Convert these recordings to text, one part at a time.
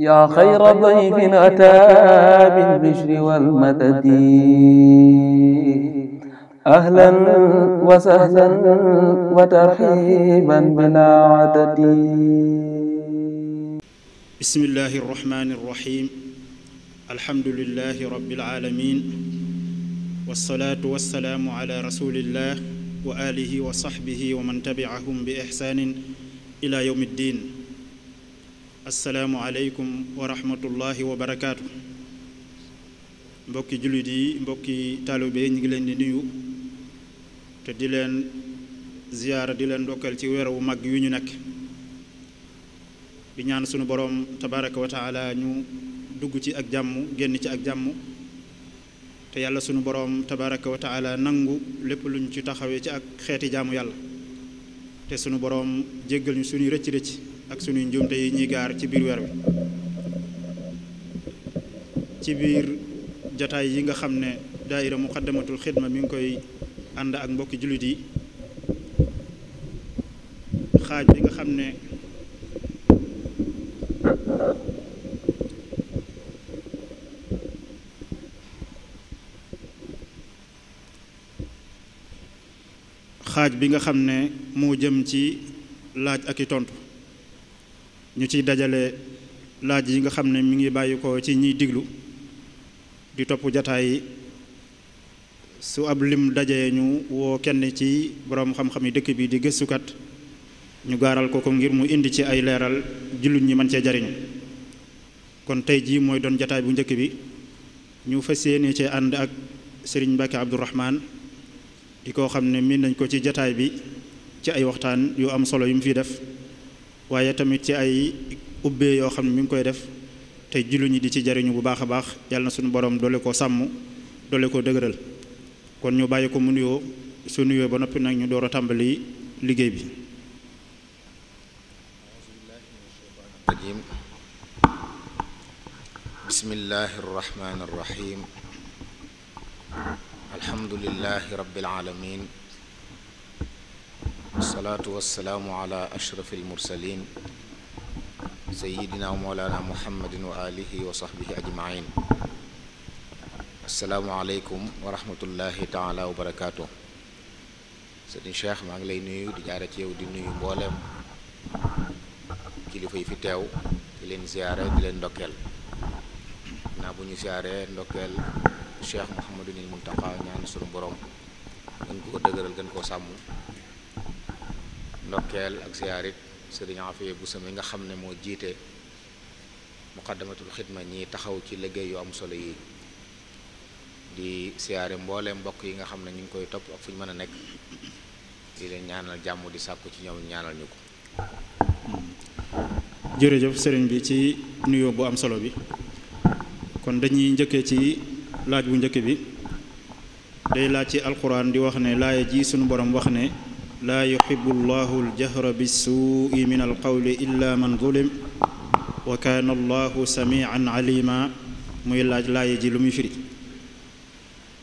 yaa xayra dayfin ataa bil bishri wal madadi ahlan wa sahlan wa tarxiiban bilaa adadi. bismillaahi rahmaani rahiim alhamdulillaahi rabbil aalamiin wasalaatu wasalaamu alaa rasuulillaah wa aalihi wa saxbihi wa man tabicahum bi ixsaanin ilaa yawmi ddiin. asalaamualeykum wa rahmatullahi wa barakaatu mbokki jullit yi mbokki taalibe ñu ngi leen di nuyu te di leen ziyaara di leen dokkal ci weer wu mag yu ñu nekk di ñaan sunu boroom tabaraka wa ñu dugg ci ak jàmm génn ci ak jàmm te yàlla sunu boroom tabaraka wa nangu lépp lu ñu ci taxawee ci ak xeeti jaamu yàlla te sunu boroom jéggal ñu suñuy rëcc rëcc ak sunuy njuumte yi ñuy gaar ci biir weer wi ci biir jataay yi nga xam ne daayira muqaddamatul xidma mi ngi koy ànd ak mbokki jullit yi xaaj bi nga xam ne xaaj bi nga xam ne moo jëm ci laaj ak i tontu ñu ciy dajale laaj yi nga xam ne mi ngi bàyyi ko ci ñiy diglu di topp jataay yi su ab lim dajee ñu woo kenn ci boroom xam-xam yi dëkk bi di gëstukat ñu gaaral ko ko ngir mu indi ci ay leeral jullit ñi mën cee jariñu kon tey jii mooy doon jataay bu njëkk bi ñu fas yéene cee ànd ak sëriñ Mbacke Abdourahmane di ko xam ne miin nañ ko ci jataay bi ci ay waxtaan yu am solo yu mu fiy def waaye tamit ci ay ubbee yoo xam ne mi ngi koy def te jullit ñu di ci jariñu bu baax a baax yàlla na suñu borom doole ko sàmm doole ko dëgëral kon ñu bàyyi ko mu nuyoo su nuyoo ba noppi nag ñu door a tàmbali liggéey bi bismillahi arrahmani arrahim alhamdulillahi rabbil alamin wasalaatu wasalaamu ala ashraf almursalin sayidina moolana muhammadin wa alihi wa sahbihi ajmain asalaamu aleykum wa barakaatu sëriñ cheikh maa ngi lay nuyu di jaare ci yow di nuyu mbooleem kilifa yi fi teew di leen ziyaare di leen naa bu ñu ziyaare ndokkeel cheikh mouhamadunil muntaqa ñaan sunu borom gën koo dëgëral gën koo sàmm ndokkeel ak ziyaar it sëriñ Afiya Buso mi nga xam ne moo jiite muqaddamatul xidma ñi taxaw ci liggéey yu am solo yi di siyaare mbooleem mbokk yi nga xam ne ñu ngi koy topp ak fu ñu mën a nekk di leen ñaanal jàmm di sàkku ci ñoom ñaanal ñu ko jërëjëf sëriñ bi ci nuyoo bu am solo bi kon dañuy njëkkee ci laaj bu njëkk bi day laaj ci alquran di wax ne laaya ji suñu borom wax ne laa yuxibu allahu aljahra bissuui muy laaj laaye ji lu muy firi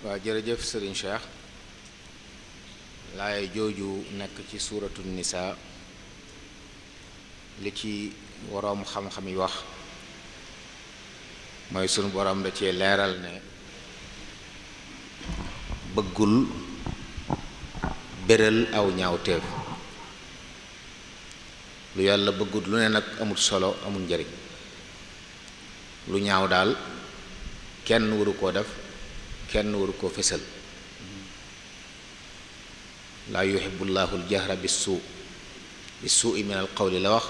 waaw jërëjëf jooju nekk ci suuratu nisaa li ci waroom xam-xam yi wax mooy sunu borom da cee leeral ne bëggul béral aw ñaawteef lu yàlla bëggut lu ne nag amul solo amul njariñ lu ñaaw daal kenn waru koo def kenn waru koo fésal laa yuhibullaahu ljahra bi suu bi suui min al qawli la wax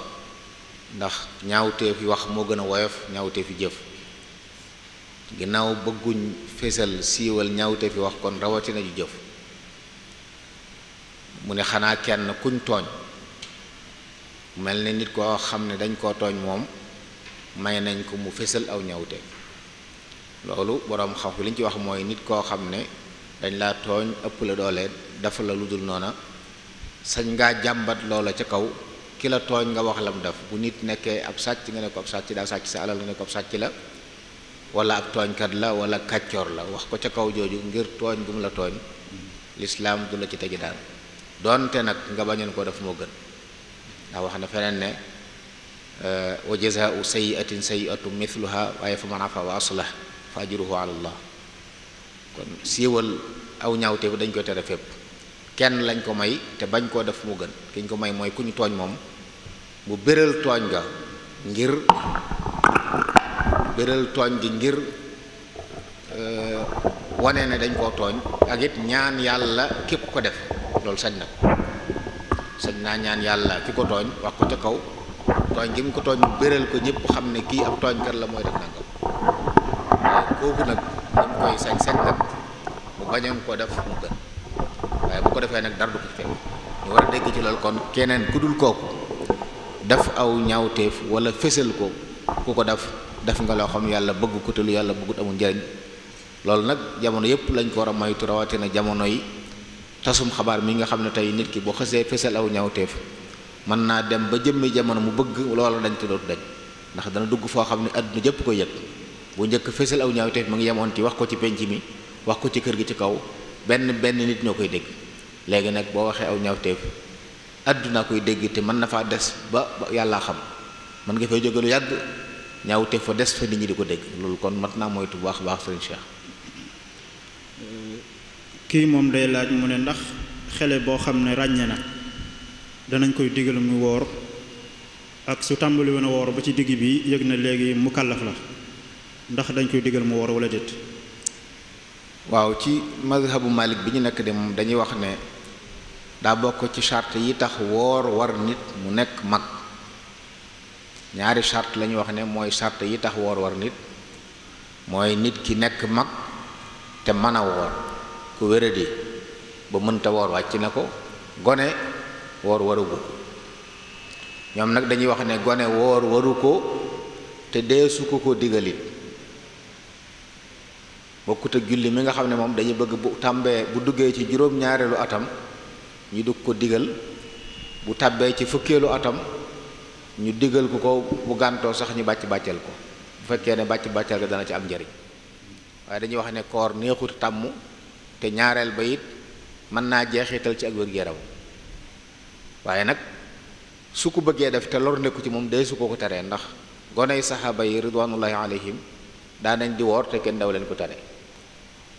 ndax ñaawteefi wax moo gën a woyof ñaawteefi jëf ginnaaw bëgguñ fésal siiwal ñaawteefi wax kon rawatina ju jëf mu ne xanaa kenn kuñ tooñ mel ni nit koo xam ne dañ koo tooñ moom may nañ ko mu fésal aw ñawte loolu boroom xam li ci wax mooy nit koo xam ne dañ laa tooñ ëpp la doole dafa la lu dul noona sañ ngaa jàmbat loola ca kaw ki la tooñ nga wax la mu def bu nit nekkee ab sàcc nga ne ko ab sàcc daa sàcc sa alal nga ne ko ab sàcc la wala ab tooñkat la wala kàccoor la wax ko ca kaw jooju ngir tooñ bu la tooñ mm-hmm. lislaam du la ci tegi daal doonte nag nga bañoon koo def moo gën ndax wax na feneen ne wa jazaau sayiatin sayiatu mithluha waaye fa man afa wa aslah fa ajruhu ala allah kon siiwal aw ñaawte dañ ko tere fépp kenn lañ ko may te bañ koo def mu gën ki ko may mooy ku ñu tooñ moom mu béral tooñ ga ngir béral tooñ gi ngir euh, wane ne dañ koo tooñ ak it ñaan yàlla képp ko def loolu sañ na ko sañ naa ñaan yàlla ki ko tooñ wax ko ca kaw tooñ gi mu ko tooñ mu béral ko ñëpp xam ne kii ab tooñkat la mooy def nangam waaye kooku nag dañ koy sañ sañ nag mu bañoon ko def mu gën waaye bu ko defee nag dara du ko fekk ñu war a dégg ci loolu kon keneen ku dul kooku def aw ñaawteef wala fésal ko ku ko def def nga loo xam yàlla bëgg ko te lu yàlla bëggut amul njëriñ loolu nag jamono yëpp lañ ko war a moytu rawatina jamono yi tasum xabaar mi nga xam ne tey nit ki boo xësee fësal aw ñaawteef mën naa dem ba jëmmi jamono mu bëgg loola dañ te dootu dañ ndax dana dugg foo xam ne àdduna jëpp ko yëg bu njëkk fësal aw ñaawteef mu ngi yemoon ci wax ko ci penc mi wax ko ci kër gi ci kaw benn benn nit ñoo koy dégg léegi nag boo waxee aw ñaawteef àdduna koy dégg te mën na faa des ba yàllaa xam mën nga fay jóge lu yàgg ñaawteef fa des fa nit ñi di ko dégg loolu kon mat naa moytu bu baax baax sëriñ kii moom day laaj mu ne ndax xele boo xam ne ràññee na danañ koy digal mu woor ak su tàmbali woon a woor ba ci digg bi yëg na léegi mu kàllaf la ndax dañ koy digal mu woor wala déet waaw ci mazhabu malik bi ñu nekk de moom dañuy wax ne daa bokk ci charte yi tax woor war nit mu nekk mag ñaari charte la wax ne mooy charte yi tax woor war nit mooy nit ki nekk mag te mën a woor ku wéradi ba mënta woor wàcc na ko gone woor warugu ñoom nag dañuy wax ne gone woor waru ko te deesu ko ko digalit bokkut ak julli mi nga xam ne moom dañu bëgg bu tàmbee bu duggee ci juróom-ñaareelu atam ñu dugg ko digal bu tàbbee ci fukkeelu atam ñu digal ko ko bu gàntoo sax ñu bàcc bàccal ko bu fekkee ne bàcc bàccal ga dana ci am njariñ waaye dañuy wax ne koor neexut tàmm te ñaareel ba it mën naa jeexital ci ak wér-gu-yaram waaye nag su ko bëggee def te lor nekku ci moom dee ko ko teree ndax goney saxaaba yi ridwanullahi alayhim daanañ di woor te kenn daw leen ko tere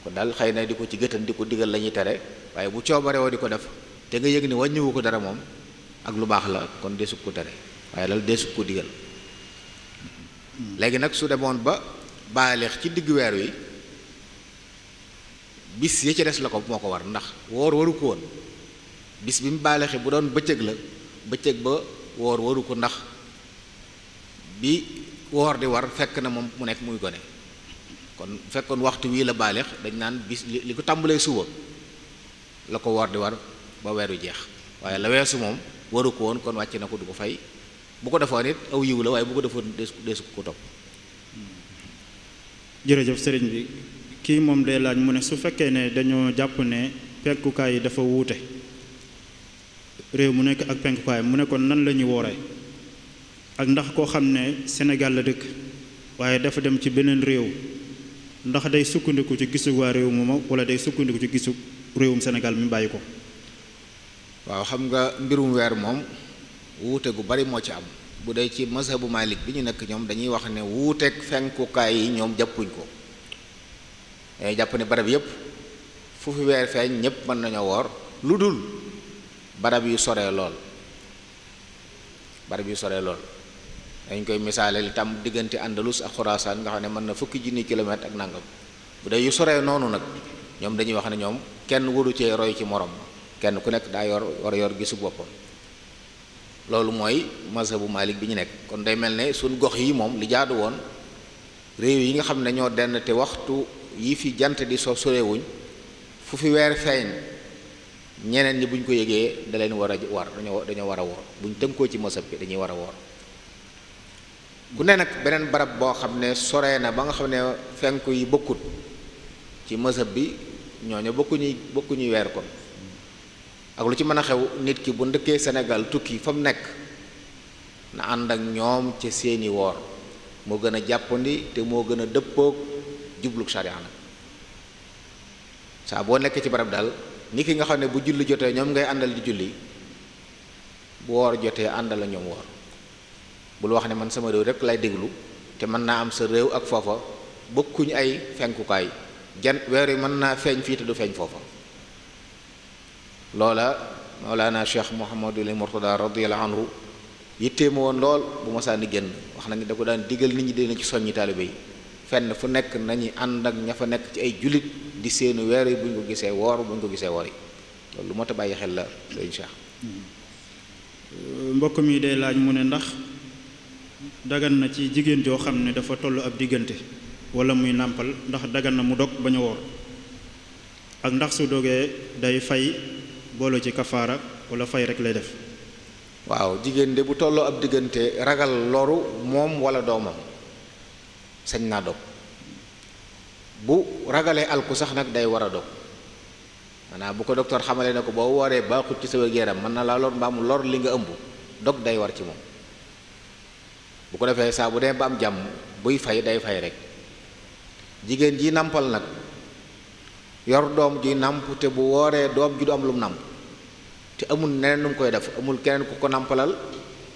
kon daal xëy na di ko ci gëtan di ko digal lañuy tere waaye bu coobare woo di ko def te nga yëg ni wàññiwu ko dara moom ak lu baax la kon dee ko tere waaye dal dee su ko digal mm-hmm. léegi nag su demoon ba baaleex ci diggu weer wi bis ya ci des la ko moo ko war ndax woor waru ko woon bis bi mu baalaxe bu doon bëccëg la bëccëg ba woor waru ko ndax bi woor di war fekk na moom mu nekk muy gone kon fekkoon waxtu wii la baalex dañ naan bis li ko tàmbalee suba la ko woor di war ba weeru jeex waaye la weesu moom waru ko woon kon wàcc na ko du ko fay bu ko defoon it aw yiw la waaye bu ko defoon deesu ko topp jërëjëf sëriñ bi kii moom day laaj mu ne su fekkee ne dañoo jàpp ne penkukaay yi dafa wuute réew mu nekk ak penkukaay mu ne kon nan la ñuy wooree ak ndax koo xam ne Sénégal la dëkk waaye dafa dem ci beneen réew ndax day sukkandiku ci gisug waa réew mooma wala day sukkandiku ci gisu réewum Sénégal mi bàyyi ko. waaw xam nga mbirum weer moom wuute gu bari moo ci am bu dee ci mazhabu Malik bi ñu nekk ñoom dañuy wax ne wuuteeg fenkukaay yi ñoom jàppuñ ko. dañuy eh, jàpp ne barab yépp fu fi weer feeñ ñépp mën nañoo woor lu dul barab yu soree lool barab yu soree lool dañ koy misaale li tam diggante Andalus ak Xuraasaan nga xam ne mën na fukki junni kilomètre ak nangam bu dee yu soree noonu nag ñoom dañuy wax ne ñoom kenn waru cee roy ci morom kenn ku nekk daa yor war yor gisu boppam loolu mooy bu Malik bi ñu nekk kon day mel ne suñ gox yi moom li jaadu woon réew yi nga xam ne ñoo denn te waxtu yii fi jant di soo sorewuñ fu fi weer feeñ ñeneen ñi buñ ko yëgee daleen leen war a war dañoo war a woor buñ tënkoo ci mosab bi dañuy war a woor bu ne nag beneen barab boo xam ne soree na ba nga xam ne fenku yi bokkut ci mosab bi ñooñu bokkuñuy bokkuñuy weer kon ak lu ci mën a xew nit ki bu ndëkkee senegal tukki fa nekk na ànd ak ñoom ca seeni woor moo gën a jàppandi te moo gën a dëppook jubluk sharia la saa boo nekk ci barab daal ni ki nga xam ne bu julli jotee ñoom ngay àndal di julli bu woor jotee àndal la ñoom woor bul wax ne man sama réew rek lay déglu te mën naa am sa réew ak foofa bokkuñ ay fenkukaay jan weer yi mën naa feeñ fii te du feeñ foofa loola Mawlana Cheikh Mouhamadul Mourtada radiyallahu anhu yitteema woon lool bu ma saa ni génn wax na ne da ko daan digal nit ñi dina ci soññi taalibe yi fenn fu nekk nañu ànd ak ña fa nekk ci ay jullit di seeni weer yi bu ñu ko gisee woor bu ñu ko gisee woor yi loolu moo tax bàyyi xel la sëñ Cheikh euh, mbokk mi day laaj mu ne ndax dagan na ci jigéen joo xam ne dafa toll ab diggante wala muy nàmpal ndax dagan na mu dog bañ a woor ak ndax su dogee day fay boole ci kafaara wala fay rek lay def waaw jigéen de bu tolloo ab diggante ragal loru moom wala doomam sañ naa dog bu ragalee alku sax nag day war a dog maanaam bu ko docteur xamale ne ko boo wooree baaxut ci sa wér-gu-yaram mën na laa lor mbaa lor li nga ëmb dog day war ci moom bu ko defee saa bu dee ba am jàmm buy fay day fay rek jigéen ji nàmpal nag yor doom ji nàmp te bu wooree doom ji doom lum lu nàmp te amul neneen lum koy def amul keneen ku ko nàmpalal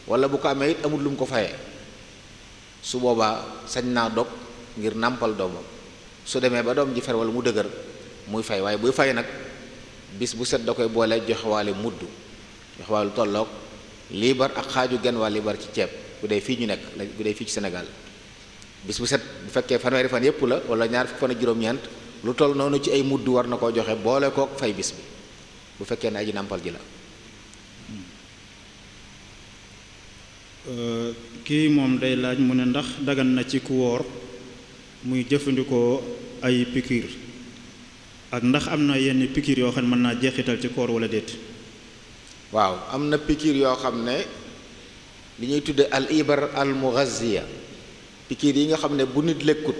wala bu ko amee it amul lu ko fayee su boobaa sañ naa dog ngir nàmpal doomam su demee ba doom ji fer wala mu dëgër muy fay waaye buy fay nag bis bu set da koy boole joxewaale mudd joxewaale lu tolloog liibar ak xaaju genn waa liibar ci ceeb bu dee fii ñu nekk bu dee fii ci Sénégal bis bu set bu fekkee fanweeri fan yépp la wala ñaar fukki fan ak juróom-ñeent lu toll noonu ci ay mudd war na koo joxe boole kook fay bis bi bu fekkee ne aji nàmpal ji la. Euh, kii moom day laaj mu ne ndax dagan na ci ku woor muy jëfandikoo ay pikiir ak ndax am na yenn pikiir yoo xam ne mën naa jeexital ci koor wala déet waaw am na pikiir yoo xam ne li ñuy tudde al ibar al mughazziya pikiir yi nga xam ne bu nit lekkut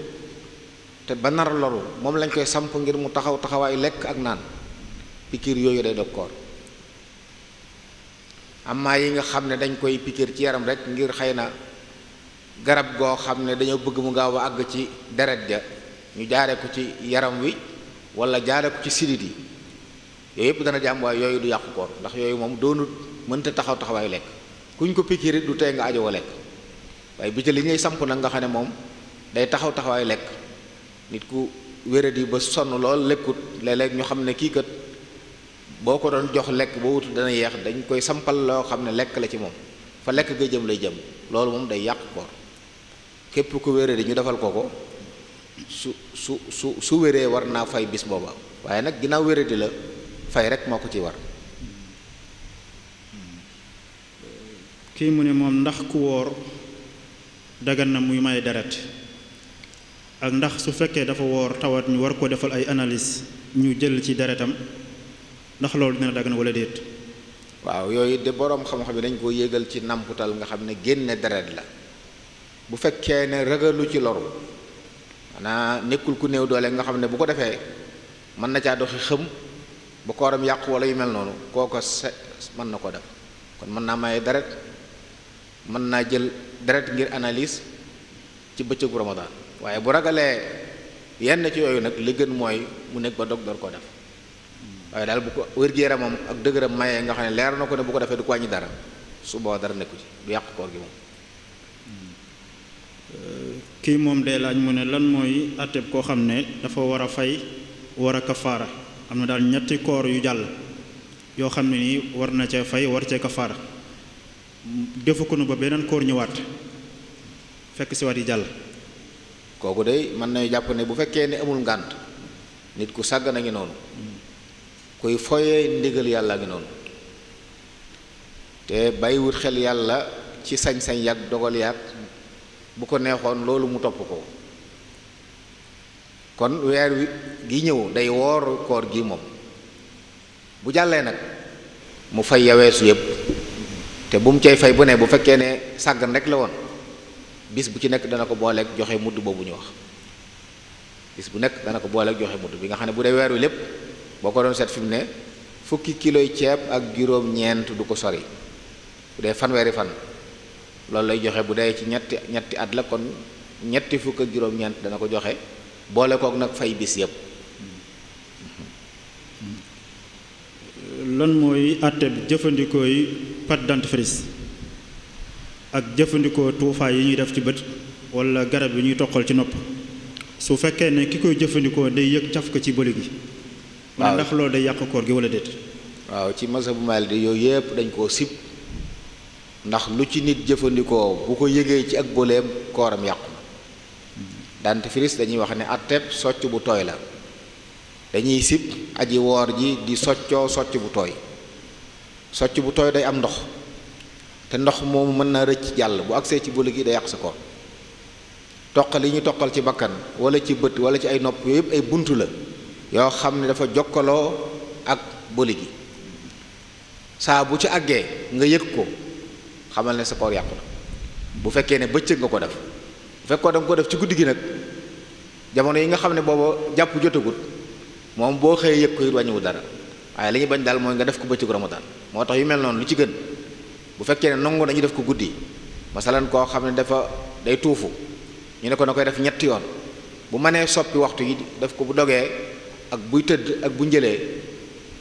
te ba nar loru moom lañ koy samp ngir mu taxaw taxawaayu lekk ak naan pikiir yooyu day dog koor amma yi nga xam ne dañ koy pikiir ci yaram rek ngir xay na garab goo xam ne dañoo bëgg mu gaaw a àgg ci deret ja ñu jaare ko ci yaram wi wala jaare ko ci sidit yi yooyu yëpp dana jàmm waaye yooyu du yàqu koor ndax yooyu moom doonut mënta taxaw taxawaayu lekk kuñ ko pikiir du tey nga ajowoo lekk waaye bi ci li ñuy samp nag nga xam ne moom day taxaw taxawaayu lekk nit ku yi ba sonn lool lekkut léeg-léeg ñu xam ne kii kat boo ko doon jox lekk boo wutul dana yeex dañ koy sampal loo xam ne lekk la ci moom fa lekk ga jëm lay jëm loolu moom day yàq koor képp ku wéree di ñu defal ko ko su su su su wéree war naa fay bis booba waaye nag ginnaaw wéree la fay rek moo ko ci war kii mu ne moom ndax ku wóor dagan na muy may deret ak ndax su fekkee dafa woor tawat ñu war ko defal ay analyse ñu jël ci deretam ndax loolu dina dagg na walla déet waaw yooyu de boroom xam-xam yi dañ ko yégal ci namputal nga xam ne génne deret la bu fekkee ne ragalu ci loru maanaa nekkul ku néew doole nga xam ne bu ko defee mën na caa doxi xëm ba kooram yàqu wala yu mel noonu kooko se mën na ko def kon mën naa maye deret mën naa jël deret ngir analyse ci bëccëgu Ramadan waaye bu ragalee yenn ci yooyu nag li gën mooy mu nekk ba dog door ko def waaye daal bu ko wér-gu-yaramam ak dëgëram mayee nga xam ne leer na ko ne bu ko defee du ko wàññi dara su boo dara nekku ci du yàq koor gi moom kii moom dee laaj mu ne lan mooy atteb koo xam ne dafa war a fay war a kafaara am na daal ñetti koor yu jàll yoo xam ne nii war na cee fay war cee kafaara defu ko ba beneen koor ñëwaat fekk si waat yi jàll kooku de mën nañu jàpp ne bu fekkee ne amul ngànt nit ku sàgg na ngi noonu kuy foyee ndigal yàlla ngi noonu te bàyyiwut xel yàlla ci sañ-sañ yàgg dogal yàgg bu ko neexoon loolu mu topp ko kon weer wi gi ñëw day woor koor gi moom bu jàllee nag mu fay yaweesu yépp te bu mu cay fay bu ne bu fekkee ne sàgg rek la woon bis bu ci nekk dana ko booleeg joxe mudd boobu ñu wax bis bu nekk dana ko booleeg joxe mudd bi nga xam ne bu dee weer wi lépp boo ko doon seet fi mu ne fukki kiloy ceeb ak juróom-ñeent du ko sori bu dee fanweeri fan loolu lay joxe bu dee ci ñetti ñetti at la kon ñetti fukk ak juróom-ñeent dana ko joxe boole kook nag fay bis yépp lan mooy àtte bi jëfandikoo yi pâte dentifrice ak jëfandikoo tuufaay yi ñuy def ci bët wala garab yi ñuy toqal ci nopp su fekkee ne ki koy jëfandikoo day yëg caf ko ci bëli gi mu ne ndax loolu day yàq koor gi wala déet waaw ci mazhabu Maliki yooyu yëpp dañ koo sib ndax lu ci nit jëfandikoo bu ko yëgee ci ak boleem kooram yàqu na dante dañuy wax ne atteb socc bu tooy la dañuy sib aji woor ji di soccoo socc bu tooy socc bu tooy day am ndox te ndox moom mën na rëcc jàll bu agsee ci bole gi day yàq sa koor toqal yi ñu toqal ci bakkan wala ci bët wala ci ay nopp yooyu yëpp ay bunt la yoo xam ne dafa jokkaloo ak boli gi saa bu ci àggee nga yëg ko xamal ne sa koor yàqu na bu fekkee ne bëccëg nga ko def bu fekkoo da nga ko def ci guddi gi nag jamono yi nga xam ne booba jàpp jotagut moom boo xëyee yëg ko it wàññiwu dara waaye li ñu bañ daal mooy nga def ko bëccëgu ramadan moo tax yu mel noonu lu ci gën bu fekkee ne nangu nañu def ko guddi masalan koo xam ne dafa day tuufu ñu ne ko na koy def ñetti yoon bu mënee soppi waxtu yi def ko bu dogee ak buy tëdd ak bu njëlee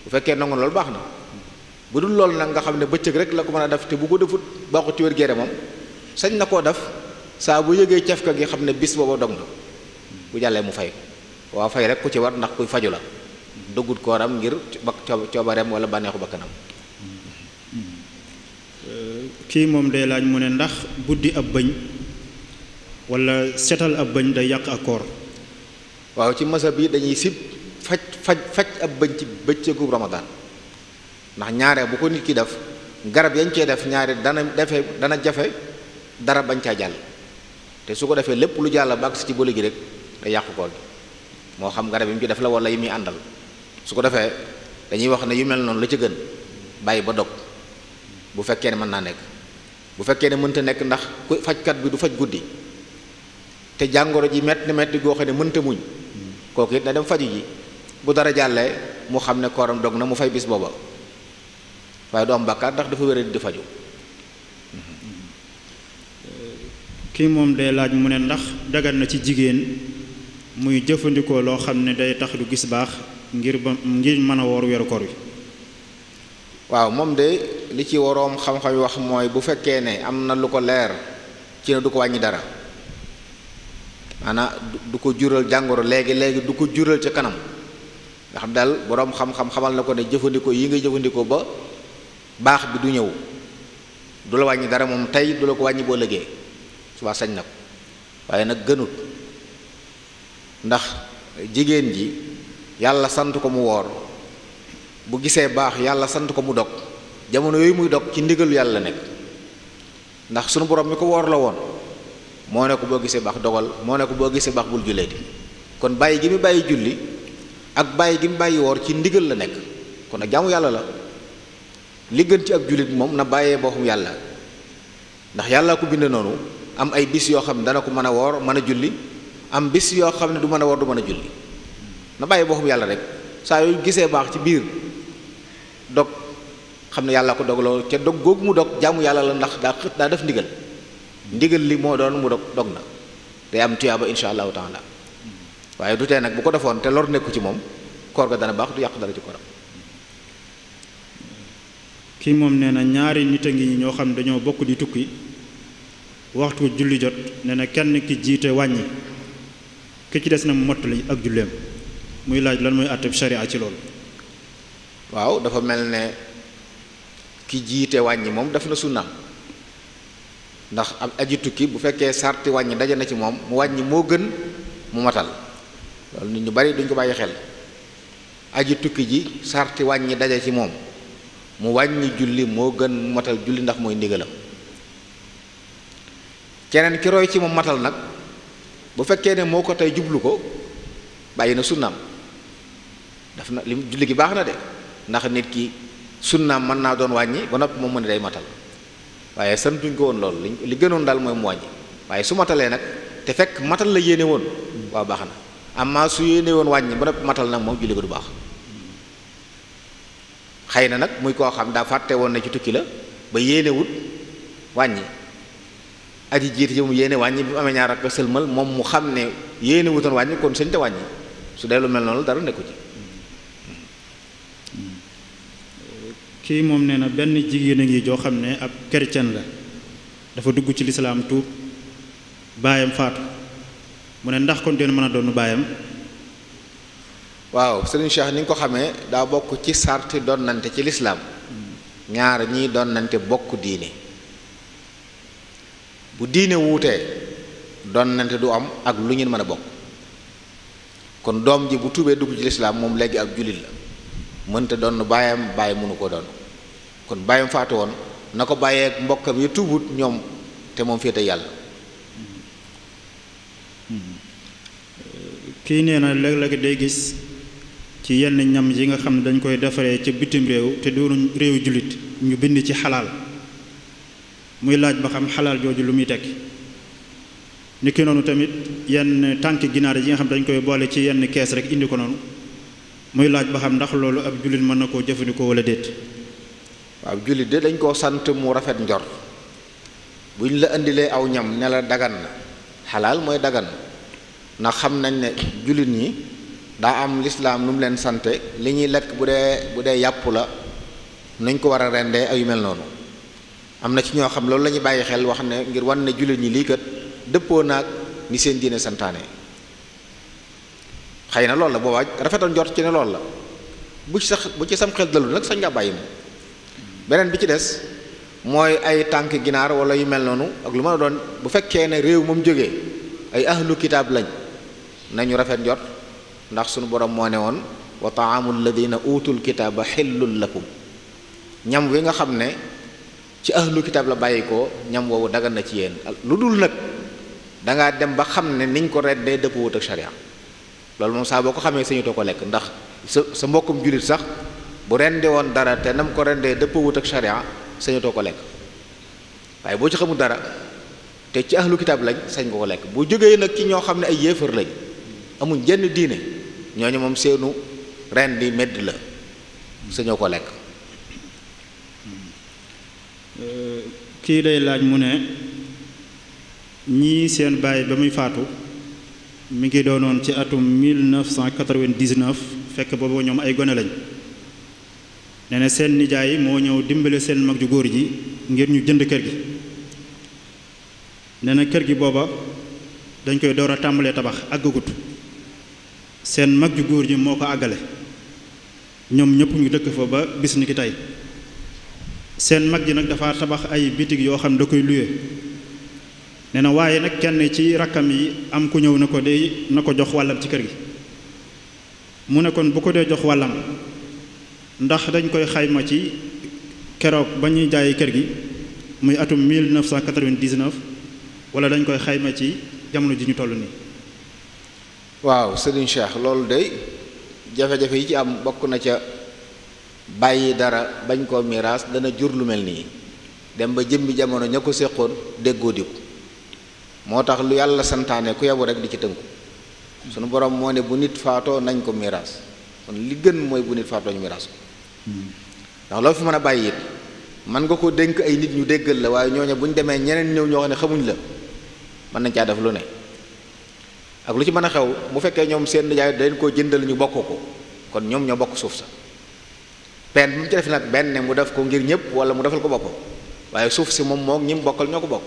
bu fekkee nangu loolu baax na bu dul loolu nag nga xam ne bëccëg rek la ko mën a def te bu ko defut baaxut ci wér gu moom sañ na koo def saa bu yëgee caf ka gi xam ne bis booba dog na bu jàllee mu fay waaw fay rek ku ci war ndax kuy faju la duggut kooram ngir ba coobareem wala bànneexu bakkanam kii moom day laaj mu ne ndax buddi ab bëñ wala setal ab bëñ day yàq ak koor waaw ci masa bi dañuy sib faj faj faj ab bëñ ci bëccëgu ramadaan ndax ñaare bu ko nit ki def garab yañ cee def ñaare dana defe dana jafe dara bañ caa jàll te su ko defee lépp lu jàll ba agsi ci bële gi rek day yàqu koor moo xam garab yi mu ci def la wala yi muy àndal su ko defee dañuy wax ne yu mel noonu la ca gën bàyyi ba dog bu fekkee ne mën naa nekk bu fekkee ne mënta nekk ndax ku fajkat bi du faj guddi te jàngoro ji metti metti goo xam ne mënta muñ kooku it dem fa ji bu dara jàllee mu xam ne kooram dog na mu fay bis booba waaye du am bàkkaar ndax dafa wéradi di faju kii moom day laaj mu ne ndax dagan na ci jigéen muy jëfandikoo loo xam ne day tax du gis baax ngir ba ngir mën a woor weeru koor wi waaw moom de li ci waroom xam-xam yi wax mooy bu fekkee ne am na lu ko leer ci ne du ko wàññi dara maanaam du ko jural jàngoro léegi léegi du ko jural ca kanam nga xam daal boroom xam-xam xamal na ko ne jëfandikoo yi nga jëfandikoo ba baax bi du ñëw du la wàññi dara moom tey du la ko wàññi boo lëgee suba sañ na ko waaye nag gënut ndax jigéen ji yàlla sant ko mu woor bu gisee baax yàlla sant ko mu dog jamono yooyu muy dog ci ndigalu yàlla nekk ndax sunu borom mi ko woor la woon moo ne ko boo gisee baax dogal moo ne ko boo gisee baax bul jullee di kon bàyyi gi mu bàyyi julli ak bàyyi gi bàyyi woor ci ndigal la nekk kon nag jaamu yàlla la li gën ci ab jullit moom na bàyyee boppam yàlla ndax yàlla ko bind noonu am ay bis yoo xam ne dana ko mën a woor mën a julli am bis yoo xam ne du mën a woor du mën a julli na bàyyi boppam yàlla rek saa yooyu gisee baax ci biir dog xam ne yàlla ko dogloo ca dog mu dog jaamu yàlla la ndax daa daa def ndigal ndigal li moo doon mu dog dog na day am tuyaaba insha allahu taala waaye du tee nag bu ko defoon te lor nekku ci moom koor dana baax du yàq dara ci kooram kii moom nee na ñaari nit a ngi ñoo xam ne dañoo bokk di tukki waxtu julli jot nee na kenn ki jiite wàññi ki ci des na mu mottali ak julleem muy laaj lan muy àtteb sharia ci lool waaw dafa mel ne ki jiite wàññi moom def na sunnaam ndax ab aji tukki bu fekkee sarti wàññi daje na ci moom mu wàññi moo gën mu matal loolu nit ñu bari duñ ko bàyyi xel aji tukki ji sarti wàññi daje ci moom mu wàññi julli moo gën matal julli ndax mooy ndigalam keneen ki roy ci moom matal nag bu fekkee ne moo ko tey jublu ko bàyyi na sunnaam daf na li julli gi baax na de ndax nit ki sunnaam mën naa doon wàññi ba noppi moom mën ne day matal waaye santuñ ko woon loolu li gënoon daal mooy mu wàññi waaye su matalee nag te fekk matal la yéene woon waaw baax na amma su yéene woon wàññi ba noppi matal nag moom julli ko du baax xëy na nag muy koo xam daa fàtte woon na ci tukki la ba yéene wut wàññi aji jiite ji mu yéene wàññi bi mu amee ñaar ak sëlmal moom mu xam ne yéene wutoon wàññi kon sëñ te wàññi su dee lu mel noonu dara nekku ci kii moom nee na benn jigéen a ngi joo xam ne ab chrétien la dafa dugg ci lislaam tuub baayam faatu mu ne ndax kon dina mën a doon baayam waaw sëriñ Cheikh ni nga ko xamee daa bokk ci sarti donnante ci lislaam hmm. ñaar ñii donnante bokk diine bu diine wuutee donnante du am ak lu ñu mën a bokk kon doom ji bu tuubee dugg ci lislaam moom léegi ab jullit la mënta doon baayam baay mënu ko doon kon baayam faatu woon na ko bàyyee ak mbokkam yi tuubut ñoom te moom féete yàlla kii nee na leg léeg de gis ci yenn ñam yi nga xam ne dañ koy defaree ca bitim réew te doonu réew jullit ñu bind ci xalaal muy laaj ba xam xalaal jooju lu muy tekk ni ki noonu tamit yenn tànk ginaar yi nga xam dañ koy boole ci yenn kees rek indi ko noonu muy laaj ba xam ndax loolu ab jullit mën na koo jëfandikoo wala déet waaw jullit de dañ koo sant mu rafet njor buñ la indilee aw ñam ne la dagan na xalaal mooy dagan ndax xam nañ ne jullit ñi daa am lislaam nu mu leen sante li ñuy lekk bu dee bu dee yàpp la nañ ko war a rendee ak yu mel noonu am na ci ñoo xam loolu lañuy bàyyi xel wax ne ngir wan ne jullit ñi lii kat dëppoo naag ni seen diine santaane xëy na loolu la boobaa rafetal njort ci ne lool la bu ci sax bu ci sam xel dalu nag sañ nga bàyyi moom beneen bi ci des mooy ay tànk ginaar wala yu mel noonu ak lu mën a doon bu fekkee ne réew moom jógee ay ahlu lañ nañu rafet njot ndax sunu borom moo ne woon wa taamul ladina utul kitaaba xillul lakum ñam wi nga xam ne ci ahlu kitaab la bàyyi ko ñam woowu dagan na ci yéen lu dul nag dangaa dem ba xam ne niñ ko reddee dëpp wut ak sharia loolu moom saa boo ko xamee sañutoo ko lekk ndax sa sa mbokkum jullit sax bu rendi woon dara te nam ko rendee dëpp wut ak sharia sañutoo ko lekk waaye boo ci xamul dara te ci ahlu kitaab lañ sañ nga ko lekk bu jógee nag ci ñoo xam ne ay yéefar lañ amuñ jenn diine ñooñu moom seenu ren di medd la sañoo ko lekk euh, kii day laaj mu ne ñii seen baay ba muy faatu mi ngi doonoon ci atum 1999 fekk boobu ñoom ay gone lañ nee na seen nijaay moo ñëw dimbale seen mag ju góor ji ngir ñu jënd kër gi nee na kër gi booba dañ koy door a tàmbalee tabax ak àggagut seen mag ju góor ji moo ko àggale ñoom ñëpp ñu dëkk fa ba bis ni ki tey seen mag ji nag dafa tabax ay bitig yoo xam da koy luye nee na waaye nag kenn ci rakkam yi am ku ñëw na ko day na ko jox wàllam ci kër gi mu nekkoon bu ko dee jox wàllam ndax dañ koy xayma ci keroog ba ñuy jaay kër gi muy atum 1999 wala dañ koy xayma ci jamono ji ñu toll nii waaw Serigne Cheikh loolu de jafe-jafe yi ci am bokk na ca bàyyi dara bañ koo miraas dana jur lu mel nii dem ba jëmbi jamono ña ko séqoon déggoo di moo tax lu yàlla santaane ku yabu rek di ci tënku sunu borom moo ne bu nit faatoo nañ ko miraas kon li gën mooy bu nit faatoo ñu miraas ko hmm. ndax loo fi mën a bàyyi it man nga ko dënk ay nit ñu déggal la waaye ñooñu bu ñu demee ñeneen ñëw ñoo xam ne xamuñ la mën nañ caa def lu ne ak lu ci mën a xew bu fekkee ñoom seen nijaay dañ ko jëndal ñu bokk ko kon ñoom ñoo bokk suuf sa benn bi mu ci def nag benn mu def ko ngir ñëpp wala mu defal ko boppam waaye suuf si moom moom ñi mu bokkal ñoo ko bokk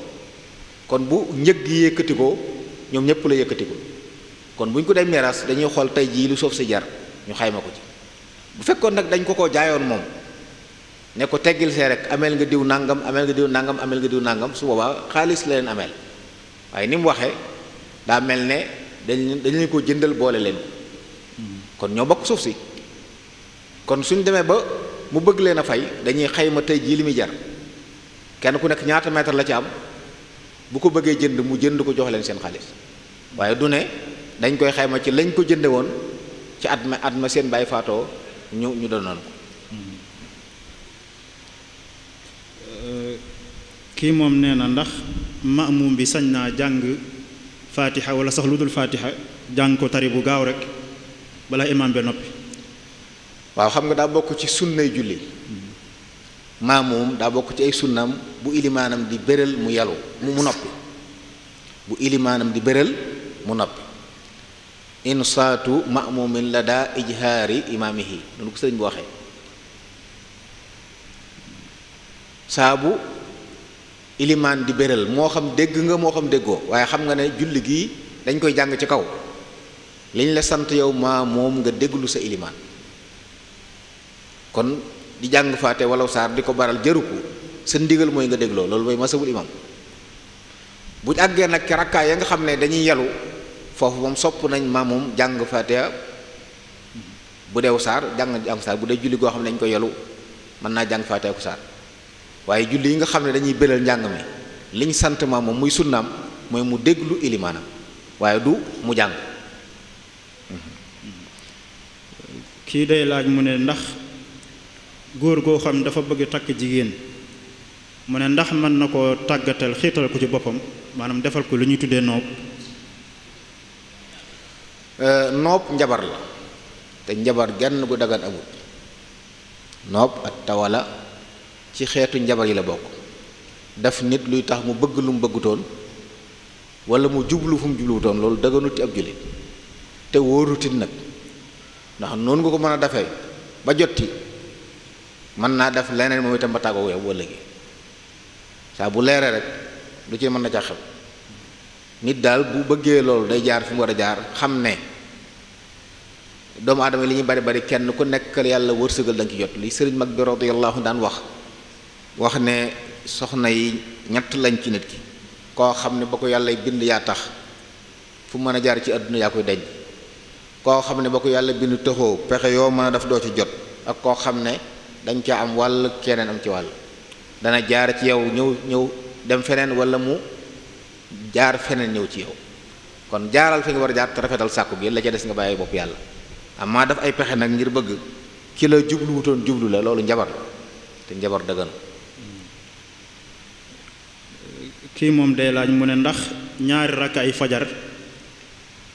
kon bu njëg yi yëkkati ko ñoom ñëpp la yëkkati kon bu ñu ko dee miiras dañuy xool tey jii lu suuf si jar ñu xayma ko ci bu fekkoon nag dañ ko ko jaayoon moom ne ko teggil see rek ameel nga diw nangam ameel nga diw nangam ameel nga diw nangam su boobaa xaalis la ameel waaye ni mu waxee daa mel ne. dañ dañ leen ko jëndal boole leen hmm. kon ñoo bokk suuf si kon suñ demee ba mu bëgg leen a fay dañuy xayma tey jii li muy jar kenn ku nekk ñaata mètre la ci am bu ko bëggee jënd mu jënd ko jox leen seen xaalis waaye du ne dañ koy xayma ci lañ ko jënde woon ci at ma at ma seen bàyyi faatoo ñu ñu doonoon ko hmm. euh, kii moom nee na ndax maamum bi sañ naa jàng faatixa wala sax lu dul faatixa jàng ko tari bu gaaw rek balaa imaam be noppi waaw xam nga daa bokk ci sunnay julli maamoom daa bokk ci ay sunnaam bu ilimaanam di béral mu yalu mu noppi bu ilimaanam di béral mu noppi insaatu maamumin la daa ijhaari imaamihi noonu ko sëriñ bi waxee saabu ilimaan di béral moo xam dégg nga moo xam déggoo waaye xam nga ne julli gii dañ koy jàng ci kaw liñ la sant yow maa moom nga déglu sa ilimaan kon di jàng faate walaw saar di ko baral jëru ko sa ndigal mooy nga dégloo loolu mooy masabul imam bu àggee nag rakkaa ya nga xam ne dañuy yelu foofu moom sopp nañ maa jàng faatiha bu deew saar jàng jàng saar bu dee julli goo xam ne dañ ko yelu mën naa jàng faatiha ku saar waaye julli yi nga xam ne dañuy béral njàng mi liñ sant ma muy sunnaam mooy mu déglu ilimaanam waaye du mu jàng kii day laaj mu ne ndax góor goo xam dafa bëgg takk jigéen mu ne ndax mën na ko tàggatal xiital ko ci boppam maanaam defal ko lu ñuy tuddee noob euh, noob njabar la te njabar genn gu dagan amul noob ak tawala ci xeetu njabar yi la bokk def nit luy tax mu bëgg lu mu bëggutoon wala mu jublu fu mu jubluwutoon loolu daganuti ab jullit te wóorutit nag ndax noonu nga ko mën a defee ba jotti mën naa def leneen moom itam ba tàggoo yow wala gi saa bu leeree rek lu ci mën na ca xew nit daal bu bëggee loolu day jaar fi mu war a jaar xam ne doomu aadama li ñuy bari bare kenn ku nekkal yàlla wërsëgal da nga ci jot li sëriñ mag bi radiyallahu daan wax wax ne soxna yi ñett lañ ci nit ki koo xam ne ba ko yàlla bind yaa tax fu mën a jaar ci àdduna yaa koy denc koo xam ne ba ko yàlla bind toxoo pexe yoo mën a daf doo ci jot ak koo xam ne dañ ca am wàll keneen am ci wàll dana jaar ci yow ñëw ñëw dem feneen wala mu jaar feneen ñëw ci yow kon jaaral fi nga war a jaar te rafetal sàkku gi la ca des nga bàyyi bopp yàlla amaa daf ay pexe nag ngir bëgg ki la jubluwutoon jublu la loolu njabar te njabar dëggan kii moom day laaj mu ne ndax ñaari ay fajar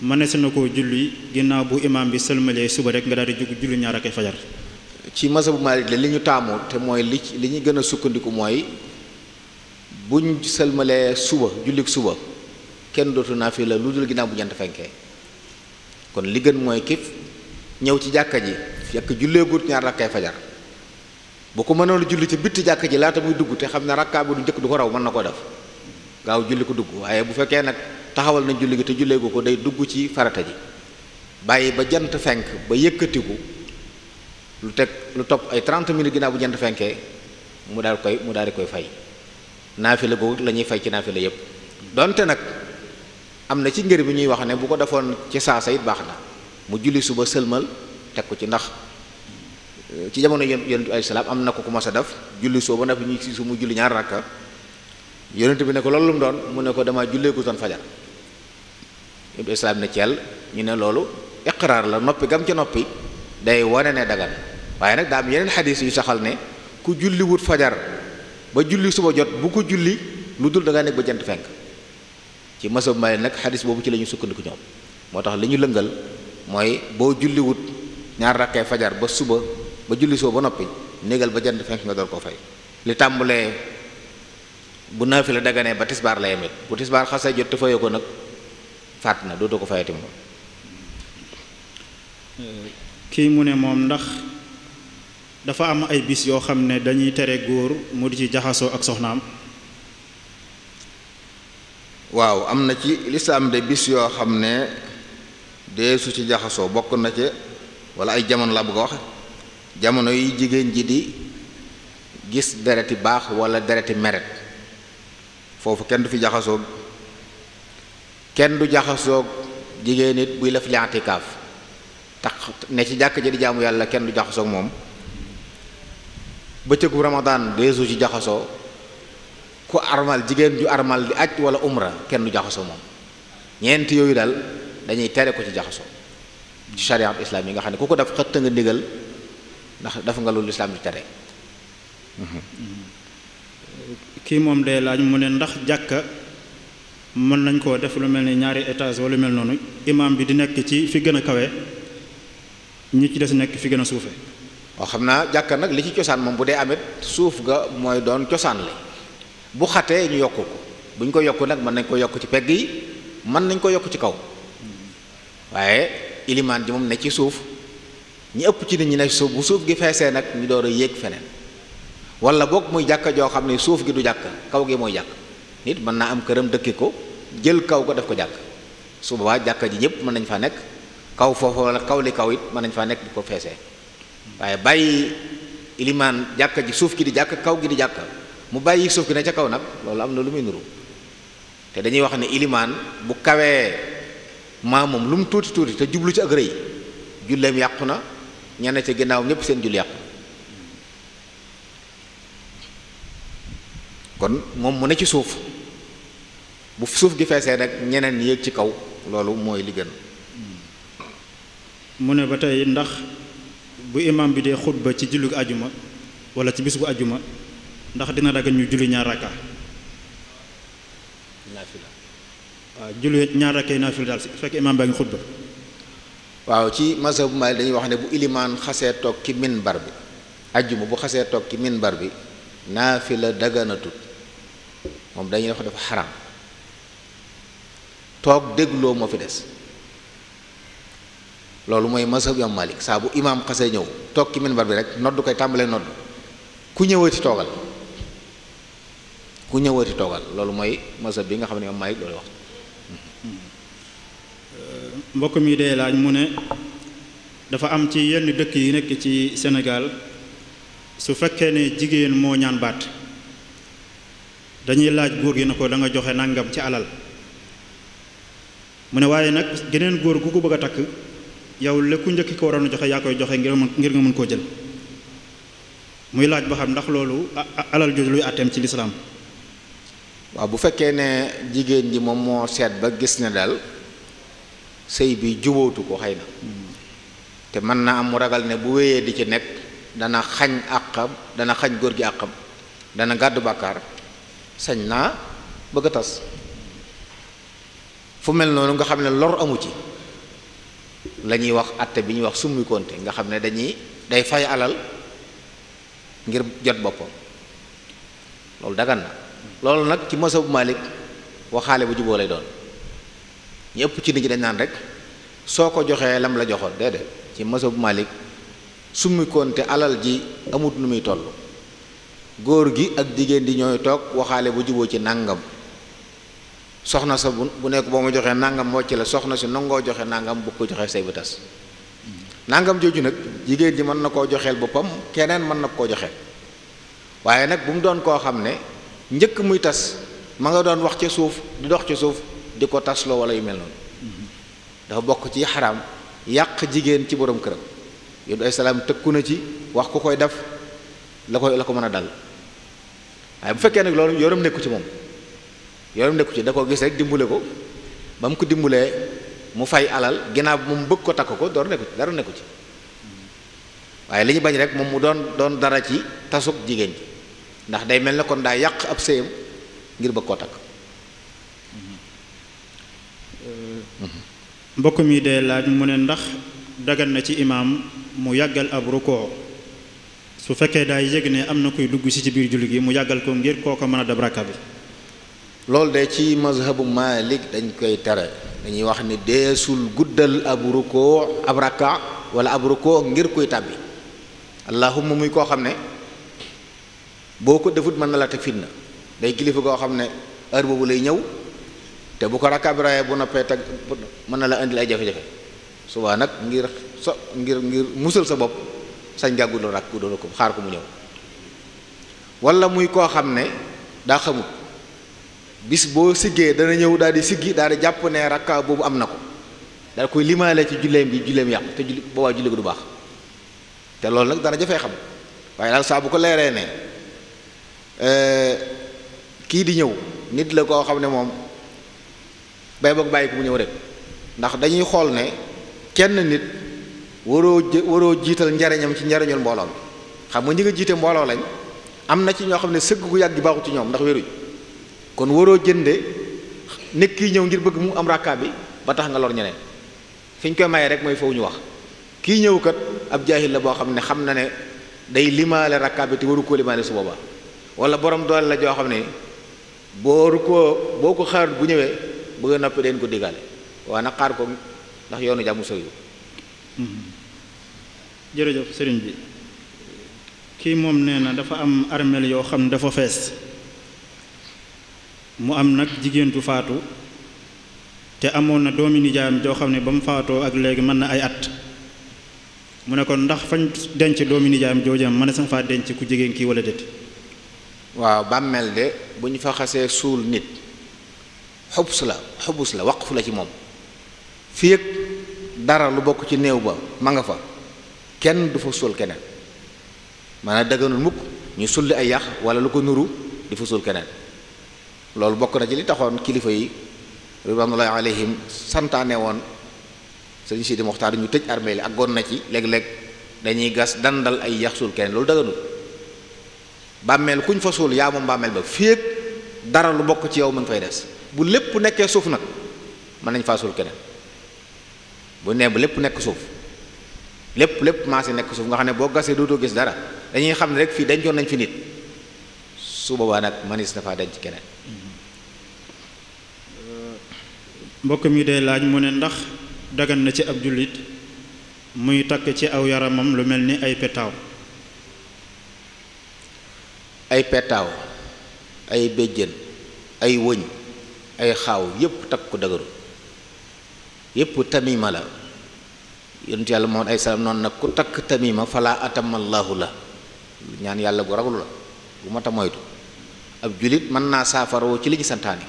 mënees na koo julli ginnaaw bu imaam bi sëlmalee suba rek nga daal di jug fajar. ci masabu Maalik li ñu taamu te mooy li li ñu gën a sukkandiku mooy buñ sëlmalee suba jullik suba kenn dootu naa fi la lu dul ginnaaw bu jant fenkee kon li gën mooy kif ñëw ci jàkka ji fekk julleegut ñaar rakkay fajar bu ko mënoon julli ci bitti jàkka ji laata muy dugg te xam ne rakkaa bi du jëkk du ko raw mën na ko def gaaw julli ko dugg waaye bu fekkee nag taxawal na julli gi te jullee ko ko day dugg ci farata ji bàyyi ba jant fenk ba yëkkatiku lu teg lu topp ay 30 minutes ginnaaw bu jant fenkee mu daal koy mu daal di koy fay naafi la googu la ñuy fay ci la yépp donte nag am na ci ngër bi ñuy wax ne bu ko defoon ci saasa it baax na mu julli suba sëlmal teg ko ci ndax ci jamono yonent alayhi salaam am na ko ku mas a def julli soo ba nag ñu si su mu julli ñaar rakka yonent bi ne ko loolu lu doon mu ne ko dama julleeku doon fajar ibnu islaam ceel ñu ne loolu iqraar la noppi gam ca noppi day wane ne dagan waaye nag daa yeneen xadis yu saxal ne ku julliwut fajar ba julli suba jot bu ko julli lu dul da nga ba jant fenk ci masab Maalik nag xadis boobu ci la sukkandiku ñoom moo tax li ñu lëngal mooy boo julli wut ñaar fajar ba suba ba julli ba noppi négal ba jant fenk nga door koo fay li tàmbalee bu naafi la daganee ba tisbaar la yem it bu tisbaar xasee jot te ko nag fàtt na dootoo ko fayati moom kii mu ne moom ndax dafa am ay bis yoo xam ne dañuy tere góor mu di ci jaxasoo ak soxnaam waaw am na ci lislaam de bis yoo xam ne dee su ci jaxasoo bokk na ci wala ay jamono la bëgg a wax jamono yi jigéen ji di gis dereti baax wala dereti meret foofu kenn du fi jaxasoog kenn du jaxasoog jigéen nit buy laf lianti kaaf tax ne ci jàkk ji di jaamu yàlla kenn du jaxasoog moom bëccëgu ramadan deesu ci jaxasoo ku armal jigéen ju armal di aj wala umra kenn du jaxasoo moom ñeenti yooyu daal dañuy tere ko ci jaxasoo ci chariat islam yi nga xam ne ku ko def xëtt nga ndigal ndax def nga loolu islam di tere mhm. Mhm. kii moom de laaj mu ne ndax jàkka mën nañ koo def lu mel ni ñaari étage wala mel noonu imaam bi di nekk ci fi gën a kawe ñi ci des nekk fi gën a suufe waaw xam naa jàkk nag li ci cosaan moom bu dee amit suuf ga mooy doon cosaan li bu xatee ñu yokku ko bu ñu ko yokk nag mën nañ ko yokk ci pegg yi mën nañ ko yokk ci kaw waaye ilimaan ji moom ne ci suuf ñi ëpp ci nit ñi ne suuf bu suuf gi feesee nag ñu door a yéeg feneen wala boog muy jàkka joo xam ne suuf gi du jàkk kaw gi mooy jàkk nit mën naa am këram dëkke ko jël kaw ko def ko jàkk su boobaa jàkka ji ñëpp mën nañ faa nekk kaw foofu wala kaw li kaw it mën nañ faa nekk di ko feesee waaye bàyyi ilimaan jàkka ji suuf gi di jàkk kaw gi di jàkk mu bàyyi suuf gi ne ca kaw nag loolu am na lu muy nuru te dañuy wax ne ilimaan bu kawee maamum lu mu tuuti tuuti te jublu ci ak rëy julleem yàqu na ñenn ca ginnaaw ñëpp seen julli yàqu kon moom mu ne ci suuf bu suuf gi feesee nag ñeneen yéeg ci kaw loolu mooy li gën mu ne ba tey ndax bu imam bi dee xutba ci julli ajuma wala ci bis bu ajuma ndax dina dagg ñu julli ñaar rakka naafila waaw julli ñaar rakka naafila daal fekk imam baa ngi xutba waaw ci bu Maalik dañuy wax ne bu ilimaan xasee toog ci minbar bi ajuma bu xasee toog ki ci bar bi la daganatut moom dañuy def dafa xaraam toog dégloo moo fi des loolu mooy masab imam Malik saa bu imaam xasee ñëw toog ci minbar bi rek nodd koy tàmbalee nodd ku ñëwati toogal ku ñëwati toogal loolu mooy masab bi nga xam ne imam Malik loolu wax euh, mbokk mi dee laaj mu ne dafa am ci yenn dëkk yi nekk ci senegal su fekkee ne jigéen moo ñaan baat dañuy laaj góor gi ne ko danga joxe nàngam ci alal mu ne waaye nag geneen góor gu ko bëgg a takk yow la ku njëkk ko waroon a joxe yaa koy joxe ngir ngir nga mën koo jën muy laaj ba xam ndax loolu alal jooju luy àtteem ci lislaam waaw bu fekkee ne jigéen ji moom moo seet ba gis ne daal sëy bi jubóotu ko xëy na te mën naa am mu ragal ne bu wéyee di ci nekk dana xañ àqam dana xañ góor gi àqam dana gàddu bàkkaar sañ naa bëgg a tas fu mel noonu nga xam ne lor amu ci la ñuy wax ate bi ñuy wax summi konte nga xam ne dañuy day fay alal ngir jot boppam loolu dagan na loolu nag ci masabu Malik waxaale bu juboo lay doon ñu ci nit ñi dañ naan rek soo ko joxee lam la joxoon déedéet ci masabu Malik summi konte alal ji amut nu muy toll góor gi ak jigéen di ñooy toog waxaale bu juboo ci nangam soxna sa bu nekk boo ma joxee nàngam mocc la soxna si nangoo joxe nangam bu ko joxee say bu tas nangam jooju nag jigéen ji mën na koo joxeel boppam keneen mën na koo joxeel waaye nag bu mu doon koo xam ne njëkk muy tas ma nga doon wax ca suuf di dox ca suuf di ko tasloo wala yu mel noonu dafa bokk ci xaram yàq jigéen ci borom këram yooyu ay salaam tëkku na ci wax ku koy def la ko la ko mën a dal waaye bu fekkee nag loolu yoram nekku ci moom yoram nekku ci da koo gis rek dimbule ko ba mu ko dimbulee mu fay alal ginnaaw bi mu bëgg ko takk ko door nekku ci dara nekku ci waaye li ñu bañ rek moom mu doon doon dara ci tasug jigéen ji ndax day mel ne kon daa yàq ab séyam ngir bëgg koo takk mbokk mi de laaj mu ne ndax dagan na ci imaam mu yàggal ab rukkoo su fekkee daay yëg ne am na koy dugg si ci biir julli yi mu yàggal ko ngir koo ko mën a dab rakka bi loolu de ci mazhabu Malik dañ koy tere dañuy wax ni deesul guddal ab rukoo ab rakka wala ab rukoo ngir koy tàbbi allahumma muy koo xam ne boo ko defut mën na la te fitna day kilifa koo xam ne heure boobu lay ñëw te bu ko rakka bi raye bu noppee teg mën na la indil ay jafe-jafe subaa nag ngir so ngir ngir musal sa bopp sañ ngaa guddal rakk guddal ko xaar ko mu ñëw wala muy koo xam ne daa xamut bis boo siggee dana ñëw daal di siggi daal di jàpp ne rakka boobu am na ko daal koy limaale ci julleem bi julleem yàqu te julli boobaa julli ko du baax te loolu nag dana jafee xam waaye daal saa bu ko leeree ne euh, kii di ñëw nit la koo xam ne moom bay boog bàyyi ko mu ñëw rek ndax dañuy xool ne kenn nit waroo waroo jiital njariñam ci njariñul mbooloo xam nga ñi nga jiite mbooloo lañ am na ci ñoo xam ne sëgg ku yàgg gi baaxu ci ñoom ndax wéruñ kon waroo jënde nekk ki ñëw ngir bëgg mu am rakkaa bi ba tax nga lor ñeneen fi ñu koy mayee rek mooy foofu ñu wax kii ñëw kat ab jaahil la boo xam ne xam na ne day limaale rakkaa bi te waru koo limaale su boobaa wala borom doole la joo xam ne booru ko boo ko xaar bu ñëwee bëgg noppi den ko diggaale waaye nag xaar ko ndax yoonu jàmm sëw jërëjëf sëriñ bi kii moom nee na dafa am armeel yoo xam ne dafa fees mu am nag jigéen ju faatu te amoon na doomi nijaayam joo xam ne ba mu faatoo ak léegi mën na ay at mu ne kon ndax fañ denc doomi nijaayam joojaam mën na sa faa denc ku jigéen kii wala déet waaw bàmmeel de bu ñu fa xasee suul nit xubus la xubus la waqf la ci moom fii ak dara lu bokk ci néew ba ma nga fa kenn du fa suul keneen mën a daganul mukk ñu sulli ay yàq wala lu ko nuru di fa sol keneen loolu bokk na ci li taxoon kilifa yi ridwanullahi alayhim santaane woon sëriñ Sidi Moxtaar ñu tëj armée li ak goon na ci léeg-léeg dañuy gas dandal ay yax suul keneen loolu daganul bàmmeel kuñ fa suul yaa moom bàmmeel ba féeg dara lu bokk ci yow mën fay des bu lépp nekkee suuf nag mën nañ faa suul keneen bu nee bu lépp nekk suuf lépp lépp maa si nekk suuf nga xam ne boo gasee dootoo gis dara dañuy xam ne rek fii dañ dencoon nañ fi nit su boobaa nag manis dafa denc keneen euh, mbokk mi laaj mu ndax dagan na ci ab jullit muy takk ci aw yaramam lu mel ni ay petaaw ay petaaw ay béjjën ay wëñ ay xaaw yépp takk ko dagaru yépp tamima yonentu yàlla moom ay salaam noon nag ku takk tamima fala atamallaahu la ñaan yàlla gu raglu la bu mata moytu ab julit mën naa saafaroo ci li ñu santaani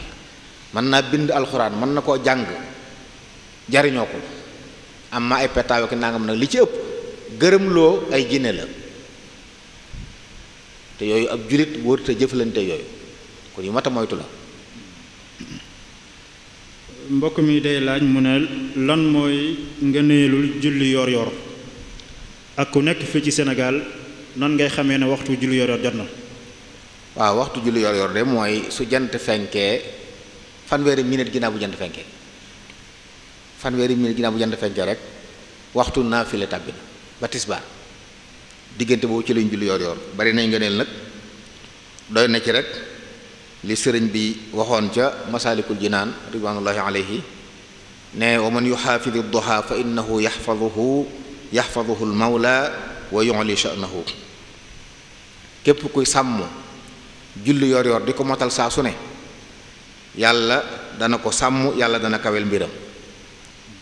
mën naa bind alxuraan mën na koo jàng jariñoo ko am ma ay petaaw ki nangam nag li ci ëpp gërëmloo ay jinne la te yooyu ab julit wóorut jëflante yooyu kon yu mata moytu la mbokk mi day laaj mu ne lan mooy ngëneelul julli yor yor ak ku nekk fi ci senegal nan ngay xamee ne waxtu julli yor yor jot na waaw waxtu julli yor yor de mooy su jant fenkee fanweeri minute ginnaaw bu jant fenkee bu jant fenkee rek waxtu naa naafile tàbbi na ba diggante boobu ci lañ julli yor yor bari nañ ngëneel nag doy na ci rek li sëriñ bi waxoon ca masaalikul jinaan ridwanullahi alayhi ne wa man yuxaafidu duha fa innahu yaxfaduhu yaxfaduhu l mawla wa képp kuy sàmm julli yor di ko motal saa su ne yàlla dana ko sàmm yàlla dana kawel mbiram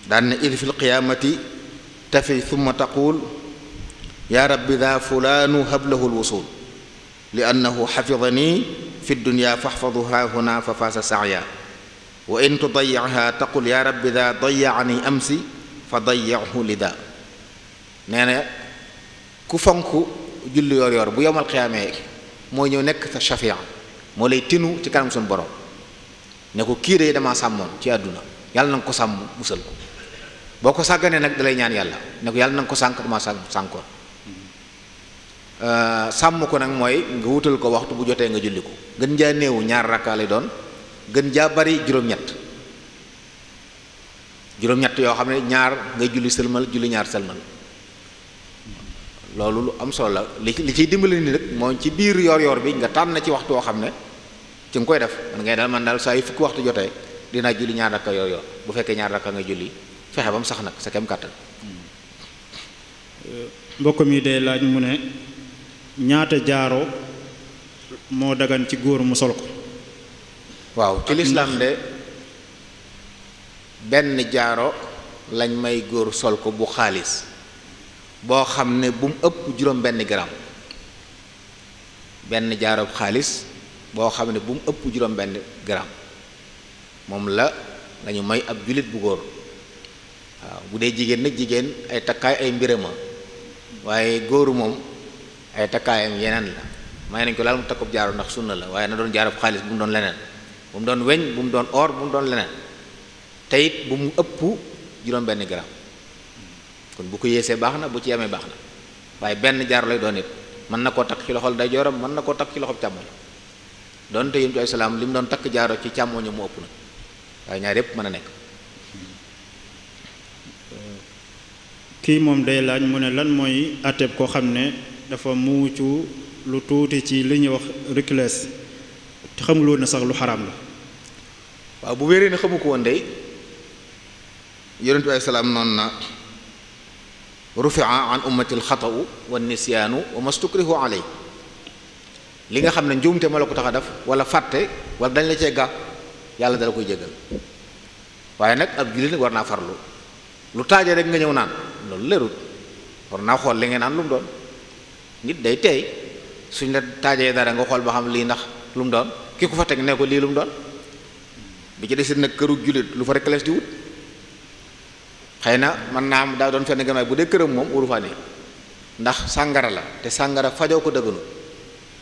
daan na fi lqiyaamati tafi thumma taqul yaa rabbi daa fulaanu hablahu lwusul li annahu xafidani fi dunya faxfadu haa huna fa faasa saaya wa in tudayyaha taqul yaa rabbi daa am si fa dayyahu lida nee na ku fonk julli yor yoor bu yomal xiyaamee moo ñëw nekk sa shafia moo lay tinu ci kanam suñu borom ne ko kii de dama sàmmoon ci àdduna yàlla na nga ko sàmm musal ko boo ko sàgganee nag lay ñaan yàlla ne ko yàlla na nga ko sànk dama sànkoon Euh, sàmm ko nag mooy nga wutal ko waxtu bu jotee nga julli ko gën jaa néewu ñaar rakkaa doon gën jaa bari juróom-ñett juróom-ñett yoo xam ne ñaar ngay julli sëlmal julli ñaar sëlmal loolu lu am solo la li li ciy dimbali ni rek mooy ci biir yoor yoor bi nga tànn ci waxtu woo xam ne ci nga koy def man ngay daal man daal saa yu fukki waxtu jotee dinaa julli ñaar rakka yor-yor bu fekkee ñaar rakka nga julli fexe ba sax nag sa kem kàttan. mbokk mi day ñaata jaaro moo dagan ci góor mu sol ko waaw ci lislaam de benn jaaro lañ may góor sol ko bu xaalis boo xam ne bu mu ëpp juróom benn gram benn jaaro xaalis boo xam ne bu mu ëpp juróom benn gram moom la lañu may ab jullit bu góor waaw bu dee jigéen nag jigéen ay takkaay ay mbirama waaye góoru moom ay takkaayam yeneen la may nañ ko laal mu takkub jaaro ndax sunna la waaye na doon jaarab xaalis bu mu doon leneen bu mu doon weñ bu mu doon or bu mu doon leneen te bu mu ëpp juróom benn gram kon bu ko yéesee baax na bu ci yemee baax na waaye benn jaar lay doon it mën na koo takk ci loxol ndeyjooram mën na koo takk ci loxol càmmoñ donte yim ci salaam li mu doon takk jaaro ci càmmoñu mu ëpp na waaye ñaar yépp mën a nekk kii moom day mooy àtteeb koo xam ne dafa muucu lu tuuti ci li ñuy wax reculés te xamul na sax lu xaraam la waaw bu wéree ne xamu ko woon dey yonent bi noon salaam noonu na rufia an ummati alxatau wa nisyaanu wa mastukrihu aley li nga xam ne njuumte ma la ko tax a def wala fàtte wala dañ la cee ga yàlla dala koy jégal waaye nag ab jullit war naa farlu lu taaje rek nga ñëw naan loolu leerul war naa xool li nga naan lu doon nit day tey suñ la taajee dara nga xool ba xam lii ndax lu mu doon ki ku fa teg ne ko lii lu mu doon bi ci desit nag këru jullit lu fa rek lees di wut xëy na man naa am daa doon fenn ganaay bu dee këram moom wuru ndax sàngara la te sàngara fajoo ko dëgganu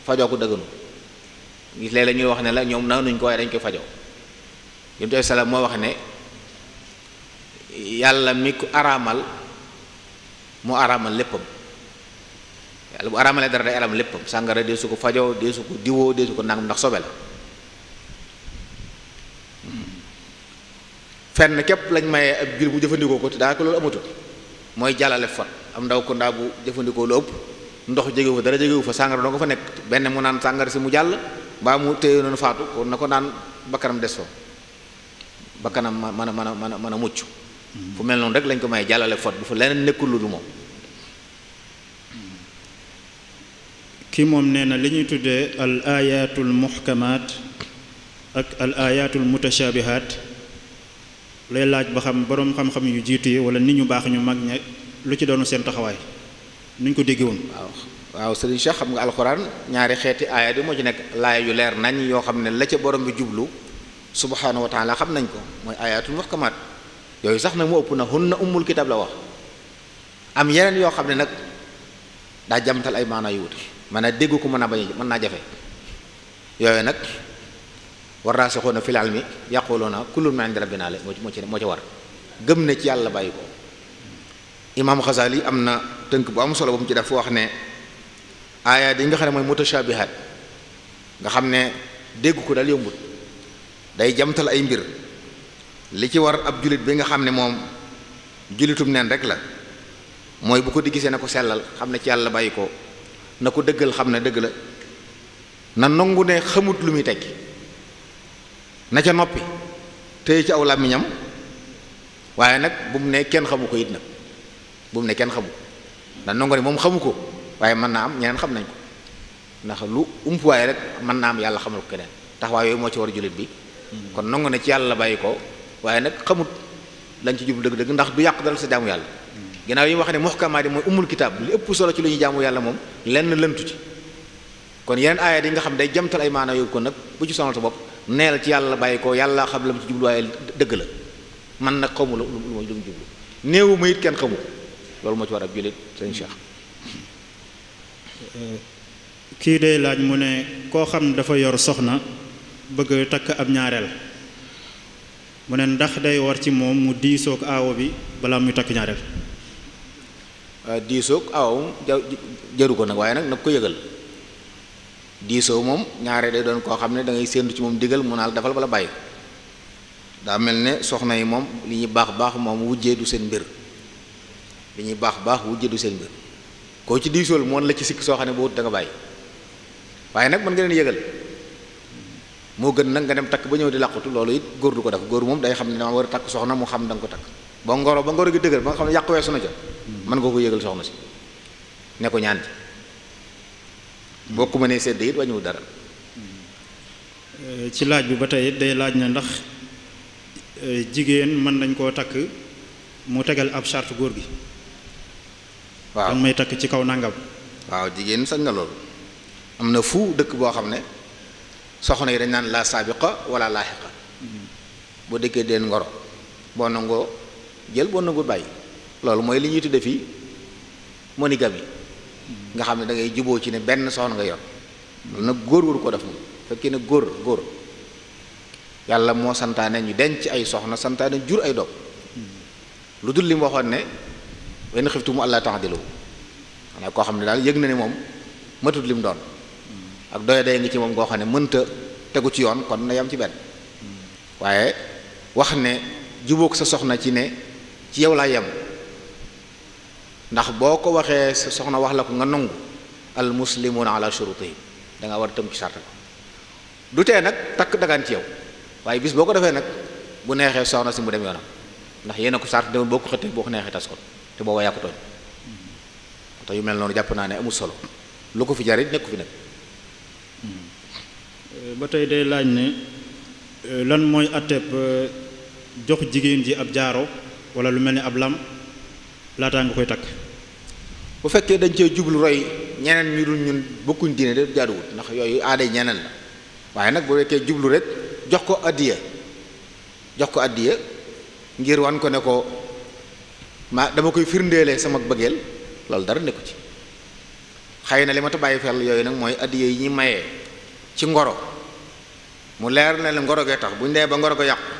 fajoo ko dëgganu gis léeg la ñuy wax ne la ñoom naanuñ ko waaye dañ koy fajoo yonent bi salaam moo wax ne yàlla mi ko araamal mu araamal léppam yàlla bu araamalee dara day aram léppam sàngara dee su ko fajoo dee su ko diwoo dee su ko nangam ndax sobe la fenn képp lañ mayee ak jur bu jëfandikoo ko te daanaka loolu amatul mooy jàllale fot am ndaw ko ndaa bu jëfandikoo lu ëpp ndox jegewu fa dara jegewu fa sàngara doo ko fa nekk benn mu naan sàngara si mu jàll mbaa mu téye noonu faatu kon na ko naan bakkanam des fa bakkanam mën a mën a mën a mën a mucc hmm. fu mel noonu rek lañ ko mayee jàllale fot bu fa nekkul lu moom kii moom nee na li ñuy tuddee al ayatul muhkamaat ak al ayatul mutashaabihaat lay laaj ba xam boroom xam-xam yu jiitu yi wala nit ñu baax ñu mag ña lu ci doonu seen taxawaay nuñ ko déggee woon. waaw waaw sëriñ xam nga alxuraan ñaari xeeti aaya yi moo ci nekk laaya yu leer nañ yoo xam ne la ca borom bi jublu subhaanahu wa taala xam nañ ko mooy ayatul muhkamaat yooyu sax nag mu ëpp na hunna ummul kitab la wax am yeneen yoo xam ne nag daa jamtal ay maanaa yu wuti man maanaam dégg ko mën naa bañ mën naa jafe yooyu nag war raasixuuna fil ilmi mi kullun min indi rabbinaa la moo ci moo ci moo ci war gëm ne ci yàlla bàyyi ko imaam Xasaali am na tënk bu am solo bu mu ci def wax ne aayaat yi nga xam ne mooy mutashaabihaat nga xam ne dégg ko daal yombut day jamtal ay mbir li ci war ab julit bi nga xam ne moom julitum neen rek la mooy bu ko di na ko sellal xam ne ci yàlla bàyyi ko na ko dëggal xam ne dëgg la na nongu ne xamut lu muy tekki na ca noppi téye ci aw làmmiñam waaye nag bu mu ne kenn xamu ko it nag bu mu ne kenn xamu ko na nangu ne moom xamu ko waaye mën naa am ñeneen xam nañ ko ndax lu umpuwaay rek mën naa am yàlla xamal ko keneen taxawaay yooyu moo ci war a jullit bi kon nangu ne ci yàlla la bàyyi ko waaye nag xamut lañ ci jublu dëgg-dëgg ndax du yàq dal sa jaamu yàlla ginnaaw yi mu wax ne muhkamaat yi mooy umul kitaab li ëpp solo ci lu ñuy jàmm yàlla moom lenn lëntu ci kon yeneen aaya yi nga xam day jamtal ay maana yóbbu ko nag bu ci sonal sa bopp neel ci yàlla bàyyi ko yàlla xam la mu ci jubluwaaye dëgg la man nag xamu la lu mu jublu néewu it kenn xamu loolu moo ci war ab jullit sëñ Cheikh euh, kii day laaj mu ne koo xam ne dafa yor soxna bëgg takk ab ñaareel mu ne ndax day war ci moom mu diisoo ak aawo bi balaa muy takk ñaareel Euh, diisoog awam jaru ko nag waaye nag nag ko yëgal diisoo moom ñaaree day doon koo xam ne da ngay séentu ci moom digal mu naal ba la bàyyi daa mel ne soxna yi moom li ñuy baax baax moom wujjee du seen mbir li ñuy baax baax wujjee du seen mbir koo ci diisool moon la ci sikk soo xam ne boo wut da bàyyi waaye nag mën nga leen yëgal moo gën nag nga dem takk ba ñëw di làqutu loolu it góor du ko def góor moom day xam ne dama war a takk soxna mu xam da nga ko takk ba ngoro ba ngoro gi dëgër ba xam ne yàqu weesu na ca mën nga ko yëgal soxna si ne ko ñaan ci boo ko mënee sedd it wàññiwul dara. Eh, ci laaj bi ba tey day laaj na ndax eh, jigéen mën nañ koo takk mu tegal ab charte góor gi. waaw may takk ci kaw nangam. waaw jigéen sañ na loolu. am na fu dëkk boo xam ne soxna yi dañ naan laa saabiqa wala laaxiqa mm-hmm. boo dëkkee den ngoro boo nangoo jël boo nangoo bàyyi. loolu mooy li ñuy tudde fii monogamie nga xam ne dangay juboo ci ne benn soxna nga yor loolu nag góor waru ko def moom fekkee ne góor góor yàlla moo santaane ñu denc ay soxna santaane jur ay doom lu dul li waxoon ne wenn xiftu mu allah taxdilu xanaa koo xam ne daal yëg na ne moom matut lim doon ak doya day ngi ci moom koo xam ne mënta tegu ci yoon kon na yam ci benn waaye wax ne jubóog sa soxna ci ne ci yow laa yem ndax boo ko waxee sa soxna wax la ko nga nangu al muslimuuna ala shurutihim da nga war a tënk ci sart ko du nag takk dagaan ci yow waaye bis boo ko defee nag bu neexee soxna si mu dem yoonam ndax yéen a ko sart dem boo ko xëttee boo ko neexee tas ko te booba yàqu tooñ te yu mel noonu jàpp naa ne amul solo lu ko fi jar nekk fi nag ba tey day laaj ne euh, lan mooy àtteeb euh, jox jigéen ji ab jaaro wala lu mel ni ab lam laataa nga koy takk bu fekkee dañ cee jublu roy ñeneen ñu dul ñun bokkuñ diine de jaaduwut ndax yooyu aaday ñeneen la waaye nag bu fekkee jublu rek jox ko addiya jox ko addiya ngir wan ko ne ko ma dama koy firndeelee sama bëggeel loolu dara nekku ci na li ma bàyyi fel yooyu nag mooy addiya yi ñuy ci ngoro mu leer na la ngoro gee tax bu ñu nee ba ngoro ko yàqu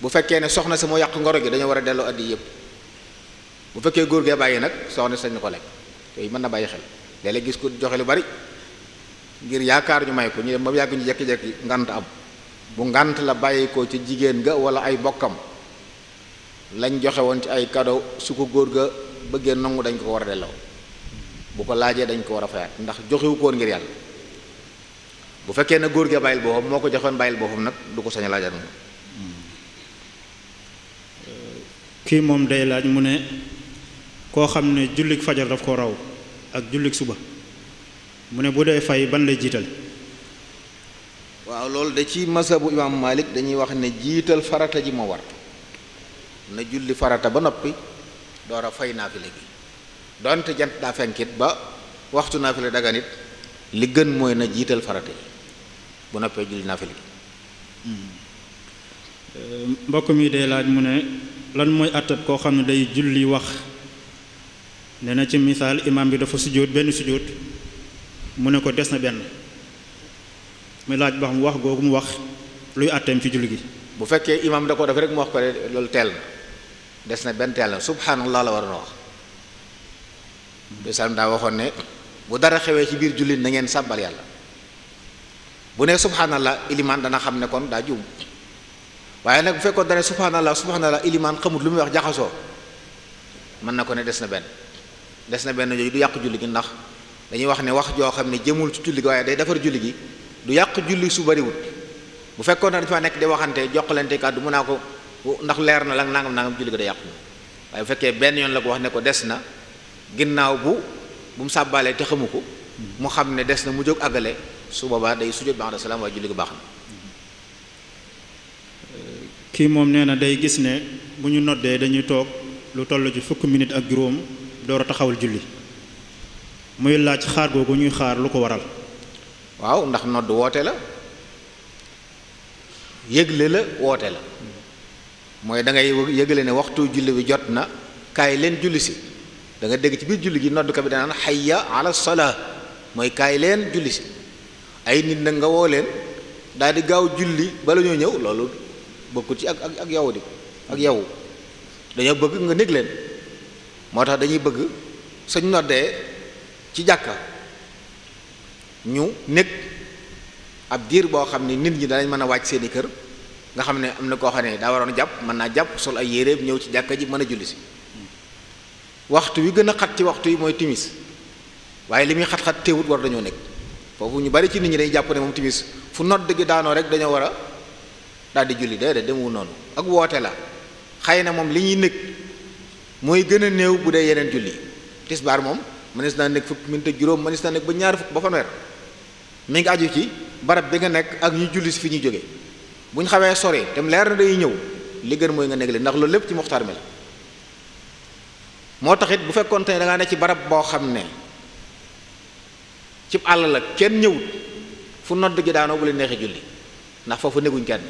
bu ne soxna si moo yàq ngoro gi dañoo war a delloo addiya yépp bu fekkee góor gee bàyyi nag soxna sañ ko lekk yooyu mën na bàyyi xel léeg gis ko joxe lu bari ngir yaakaar ñu may ko ñu dem ba yàgg ñu jekki-jekki ngant am bu ngant la bàyyi ko ci jigéen ga wala ay bokkam lañ joxe woon ci ay cadeau su ko góor ga bëggee nangu dañ ko war a delloo bu ko laajee dañ ko war a fayaat ndax joxewu ko woon ngir yàlla bu fekkee na góor gee bàyyil boppam moo ko joxoon bàyyil boppam nag du ko sañ a laajaat kii moom day laaj koo xam ne julli fajar daf ko raw ak jullik suba mu ne bu dee fay ban la jiital waaw loolu da ci masabu imaam Malik dañuy wax ne jiital farata ji ma war na julli farata ba noppi door a fay naafile gi donte jant daa fenkit ba waxtu naafile daganit li gën mooy na jiital farata ji bu noppee julli naafile gi hmm. mbokk mi day laaj mu ne lan mooy àttat koo xam ne day julli wax nee na ci misaal imaam bi dafa sujjóot benn sujjóot mu ne ko des na benn muy laaj ba xam wax googu mu wax luy àtteem ci julli gi bu fekkee imaam da ko def rek mu wax ko loolu teel na des na benn teel na subhaanallah la war a wax bisaam daa waxoon ne bu dara xewee ci biir jullit na ngeen sàbbal yàlla bu nee subhaanallah ilimaan dana xam ne kon daa juum waaye nag bu fekkoon dane subhaanallah subhaanallah ilimaan xamut lu muy wax jaxasoo mën na ko ne des na benn des na benn jooju du yàq julli gi ndax dañuy wax ne wax joo xam ne jëmul ci julli gi waaye day defar julli gi du yàq julli su bariwut bu fekkoon na dafa nekk di waxante joxalante kàddu mun naa ko ndax leer na la nangam nangam julli gi day yàqu waaye bu fekkee benn yoon la ko wax ne ko des na ginnaaw bu bu mu sàbbaalee te xamu ko mu xam ne des na mu jóg àggale su boobaa day sujjóot ba'da salaam waaye julli gi baax na kii moom nee na day gis ne bu ñu noddee dañuy toog lu toll ci fukki minute ak juróom door a taxawal julli muy laaj xaar googu ñuy xaar lu ko waral waaw ndax nodd woote la yëgle la woote la mooy da ngay yëgle ne waxtu julli bi jot na kaay leen julli si da dégg ci biir julli gi noddukat bi danaan xayya ala salaa mooy kaay leen julli si ay nit nag nga woo leen daal gaaw julli bala ñoo ñëw loolu bokkul ci ak ak ak yow di ak yow dañoo bëgg nga nég leen moo tax dañuy bëgg suñ noddee ci jàkka ñu nekk ab diir boo xam ne nit ñi danañ mën a wàcc seeni kër nga xam ne am na koo xam ne daa waroon jàpp mën naa jàpp sol ay yéreem ñëw ci jàkka ji mën a julli si waxtu wi gën a xat ci waxtu yi mooy timis waaye li muy xat-xat teewut war dañoo nekk foofu ñu bari ci nit ñi dañuy jàpp ne moom timis fu nodd gi daanoo rek dañoo war a daal di julli déedéet demewul noonu ak woote la xëy na moom li ñuy nekk mooy gën a néew bu dee yeneen julli tisbaar moom mënees naa nekk fukki minute juróom mënees naa nekk ba ñaari fukk ba fanweer mi ngi aju ci barab bi nga nekk ak ñu julli si fi ñuy jóge bu ñu xawee sore te mu leer na day ñëw li gën mooy nga nekk ndax loolu lépp ci muxtaar mi la moo taxit bu fekkoon te da ngaa ne ci barab boo xam ne cib àll la kenn ñëwut fu nodd gi daanoo bu leen neexee julli ndax foofu néguñ kenn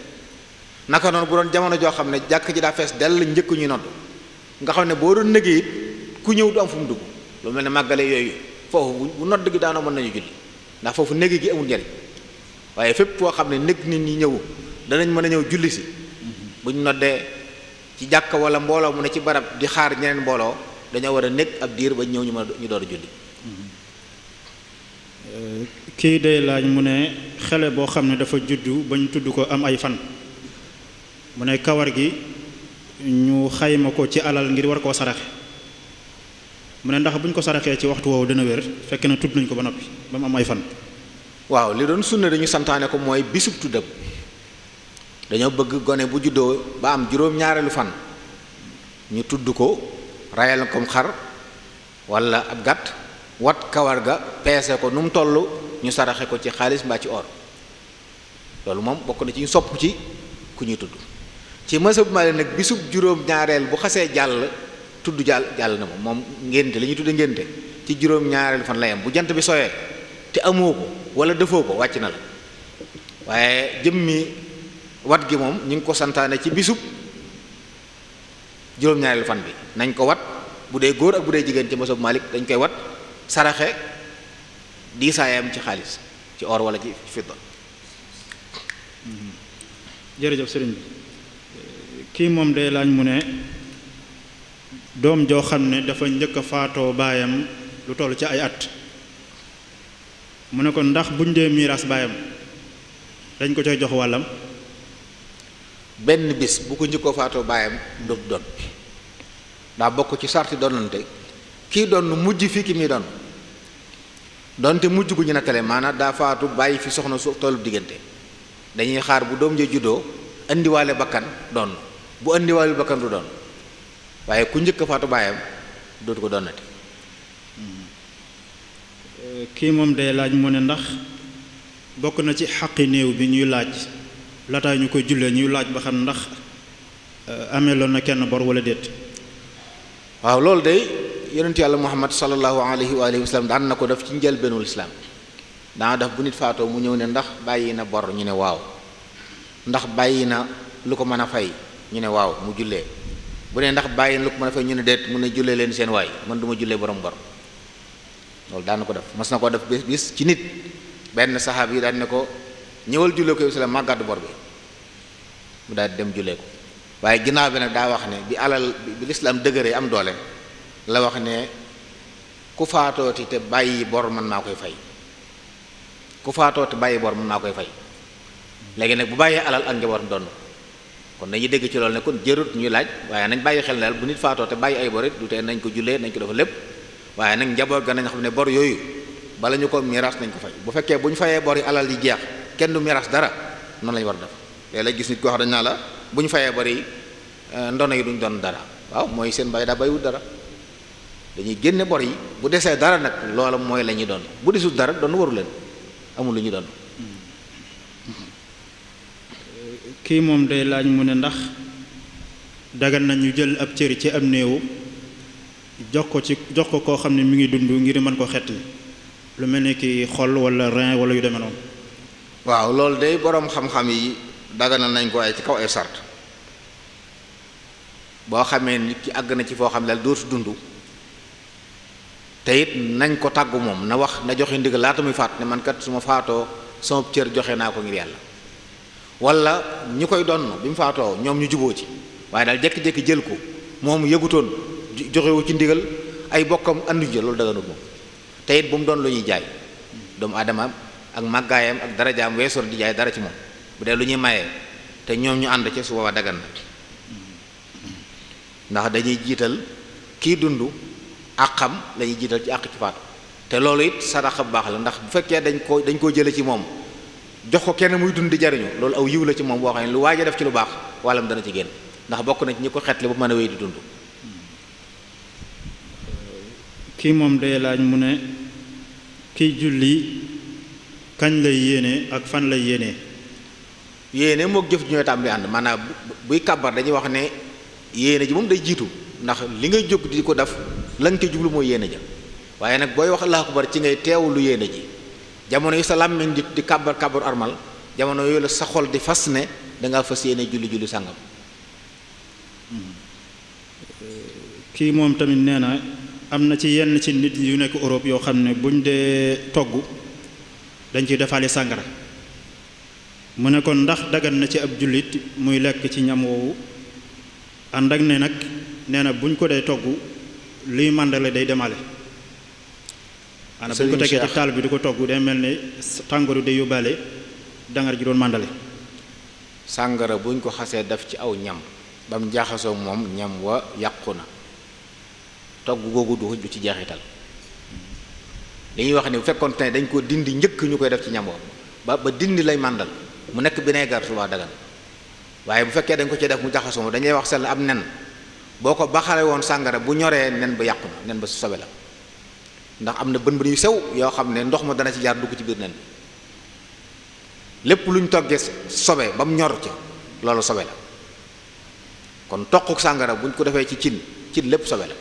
naka noonu bu doon jamono joo xam ne jàkk ji daa fees dell njëkk ñuy nodd nga xam ne boo doon nëgee it ku ñëw du am fu mu dugg lu mel ne màggale yooyu foofu bu nodd gi daanoo mën nañu julli ndax foofu nëg gi amul njariñ waaye fépp foo xam ne nëg nit ñi ñëw danañ mën a ñëw julli si buñ noddee ci jàkk wala mbooloo mu ne ci barab di xaar ñeneen mbooloo dañoo war a nekk ab diir ba ñëw ñu mën ñu doon a julli kii day laaj mu ne xele boo xam ne dafa juddu ba ñu tudd ko am ay fan mu ne kawar gi ñu xayma ko ci alal ngir war koo saraxe mu ne ndax bu ñu ko saraxee ci waxtu woowu dana wér fekk na tudd nañ ko ba noppi ba mu am ay fan. waaw li doon sunna dañu santaane ko mooy bisub tuddam bëgg gone bu juddoo ba am fan ñu tudd ko rayal kom xar wala ab gàtt wat kawar ga peese ko nu mu toll ñu saraxe ko ci xaalis mbaa ci or loolu moom bokk na ci ñu sopp ci ku ñuy tudd. ci bu Maalik nag bisub juróom-ñaareel bu xasee jàll tudd jàll jàll na moom moom ngénte li ñuy tudde ngénte ci juróom-ñaareel fan la bu jant bi sooyee te amoo ko wala defoo ko wàcc na la waaye jëmmi wat gi moom ñu ngi ko santaane ci bisub juróom-ñaareel fan bi nañ ko wat bu dee góor ak bu dee jigéen ci mazhab malik dañ koy wat saraxe diisaayam ci xaalis ci or walla ci fidda kii moom de laaj mu ne doom joo xam ne dafa njëkk a faatoo baayam lu toll ci ay at mu ne ko ndax buñ dee miiras baayam dañ ko coy jox wàllam benn bis bu ko njëkkoo faatoo baayam ndox doon daa bokk ci sarti donante kii doon mujj fii ki muy doon donte mujj gu ñu nettale maanaam daa faatu bàyyi fi soxna su tollub diggante dañuy xaar bu doom ja juddoo indiwaale bakkan doon bu andiwaalul bakkan du doon waaye ku njëkk a faatu baayam dootu ko doon nati euh, kii moom day laaj mu ne ndax bokk na ci xaqi néew bi ñuy laaj lataa ñu koy jullee ñuy laaj ba xam ndax euh, ameeloon na kenn bor wala déet waaw loolu day yonent yàlla muhammad sallallahu alayhi wa alihi daan na ko def ci njëlbeenul islaam daana def bu nit faatoo mu ñëw ne ndax bàyyi na bor ñu ne waaw ndax bàyyi na lu ko mën a fay ñu ne waaw mu jullee bu ne ndax bàyyi lu ko mën a ñu ne deet mu ne jullee leen seen waay man duma ma jullee borom bor loolu daan na ko def mas na koo def bis ci nit benn saxaab yi daan ne ko ñëwal jullee ko islam màggaddu bor bi mu daal dem jullee ko waaye ginnaaw bi nag daa wax ne bi alal bi lislaam dëgëree am doole la wax ne ku faatooti te bàyyi bor man maa koy fay ku faatooti bàyyi bor man maa koy fay léegi nag bu bàyyee alal ak njaboot doon kon dañuy dégg ci loolu ne kon jërut ñuy laaj waaye nañ bàyyi xel daal bu nit faatoo te bàyyi ay bor it du tee nañ ko jullee nañ ko dafa lépp waaye nag njaboot ga nañ xam ne bor yooyu bala ñu ko miraas nañ ko fay bu fekkee bu ñu fayee alal yi jeex kenn du miraas dara noonu lañu war a def léeg-léeg gis nit ko wax dañ naa la bu ñu fayee bor yi euh, ndono yi duñ doon dara waaw mooy seen bay daa baywut dara dañuy génne bor yi bu desee dara nag loola mooy la ñuy doon bu dara doon waru leen amul lu ñu doon kii moom day laaj mu ne ndax daga na ñu jël ab cër ci ab néew jox ko ci jox ko koo xam ne mi ngi dund ngir mën koo xet lu mel ni kii xol walla rein wala yu demee noonu waaw loolu day boroom xam-xam yi na nañ ko waaye ci kaw ay sart boo xamee nit ki àgg na ci foo xam ne daal dootu dund te it nañ ko tàggu moom na wax na joxe ndigal laata muy faat ne man kat su ma faatoo sama cër joxe naa ko ngir yàlla wala ñi koy donn bi mu faatoo ñoom ñu juboo ci waaye daal jékki-jékki jël ko moom yëgutoon joxewu ci ndigal ay bokkam andu ji loolu daganut te it bu mu doon lu ñuy jaay doomu aadamaam ak màggaayam ak darajaam weesoon di jaay dara ci moom bu dee lu ñuy mayee te ñoom ñu ànd ci su boobaa dagan na ndax dañuy jiital kii dund àqam lañuy jiital ci àq ci faatu te loolu it saraxa bu baax la ndax bu fekkee dañ koo dañ koo jële ci moom jox ko kenn muy dund di jariñu loolu aw yiw la ci moom boo xam ne lu waaj a def ci lu baax wàllam dana ci génn ndax bokk na ci ñi ko xetli ba a wéy di dund kii moom day laaj mu ne kiy julli kañ lay yéene ak fan lay yéene yéene moo jëf ñooy tàmbali ànd maanaam buy kàbbar dañuy wax ne yéene ji moom day jiitu ndax li ngay jóg di ko def la nga koy jublu mooy yéene ja waaye nag booy wax allahu akbar ci ngay teew lu yéene ji jamono yi sa làmmiñ di di kàbbar kàbbar armal jamono yooyu la sa xol di fas ne dangaa fas yéene julli julli sàngam kii moom tamit nee na am na ci yenn ci nit yu nekk Europe yoo xam ne buñ dee togg dañ ciy defaale sàngara mu ne kon ndax dagan na ci ab jullit muy lekk ci ñam woowu ànd ak ne nag nee na buñ ko dee togg luy màndale day demale maanaam bu ñu ko tegee ci taal bi di ko togg day mel ni tàngooru day yóbbaale dangar ji doon màndale sàngara bu ñu ko xasee def ci aw ñam ba mu jaaxasoo moom ñam wa yàqu na togg googu du du ci jeexital li ñuy wax ni bu fekkoon te dañ ko dindi njëkk ñu koy def ci ñam wa ba ba dindi lay màndal mu nekk vinaigre su waa dagal waaye bu fekkee dañ ko ci def mu jaxasoo moom dañuy wax sell ab nen boo ko baxale woon sàngara bu ñoree nen ba yàqu na nen ba su sobe la ndax am na bën bën yu sew yoo xam ne ndox ma dana ci jaar dugg ci biir nen lépp lu ñu toggee sobe ba mu ñor ca loolu sobe la kon toquk sàngara bu ñu ko defee ci cin cin lépp sobe la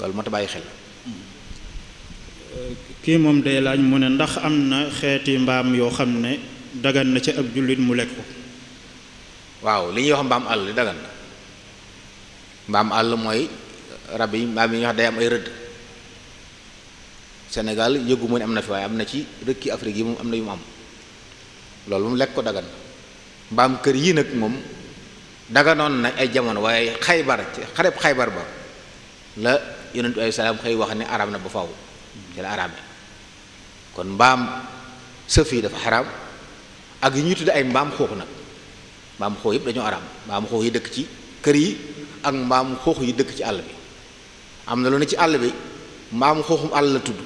loolu mat a bàyyi xel kii moom day laaj mu ne ndax am na xeeti mbaam yoo xam ne dagan na ci ab jullit mu lekk waaw li ñuy wax mbaam àll dagan na mbaam àll mooy rab yi mbaam yi nga xam day am ay rëdd Sénégal yëgu mu ne am na fi waaye am na ci rëkki Afrique yi moom am na yu mu am loolu moom lekk ko dagan mbaam kër yii nag moom daganoon na ay jamono waaye xaybar xareb xaybar ba la yonentu ay salaam xëy wax ne araam na ba faw ci la kon mbaam sëf yi dafa xaraam ak yi ñuy tudde ay mbaam xuux nag mbaam xuux yëpp dañoo araam mbaam xuux yi dëkk ci kër yi ak mbaam xuux yi dëkk ci àll bi am na loolu ne ci àll bi mbaam xuuxum àll la tudd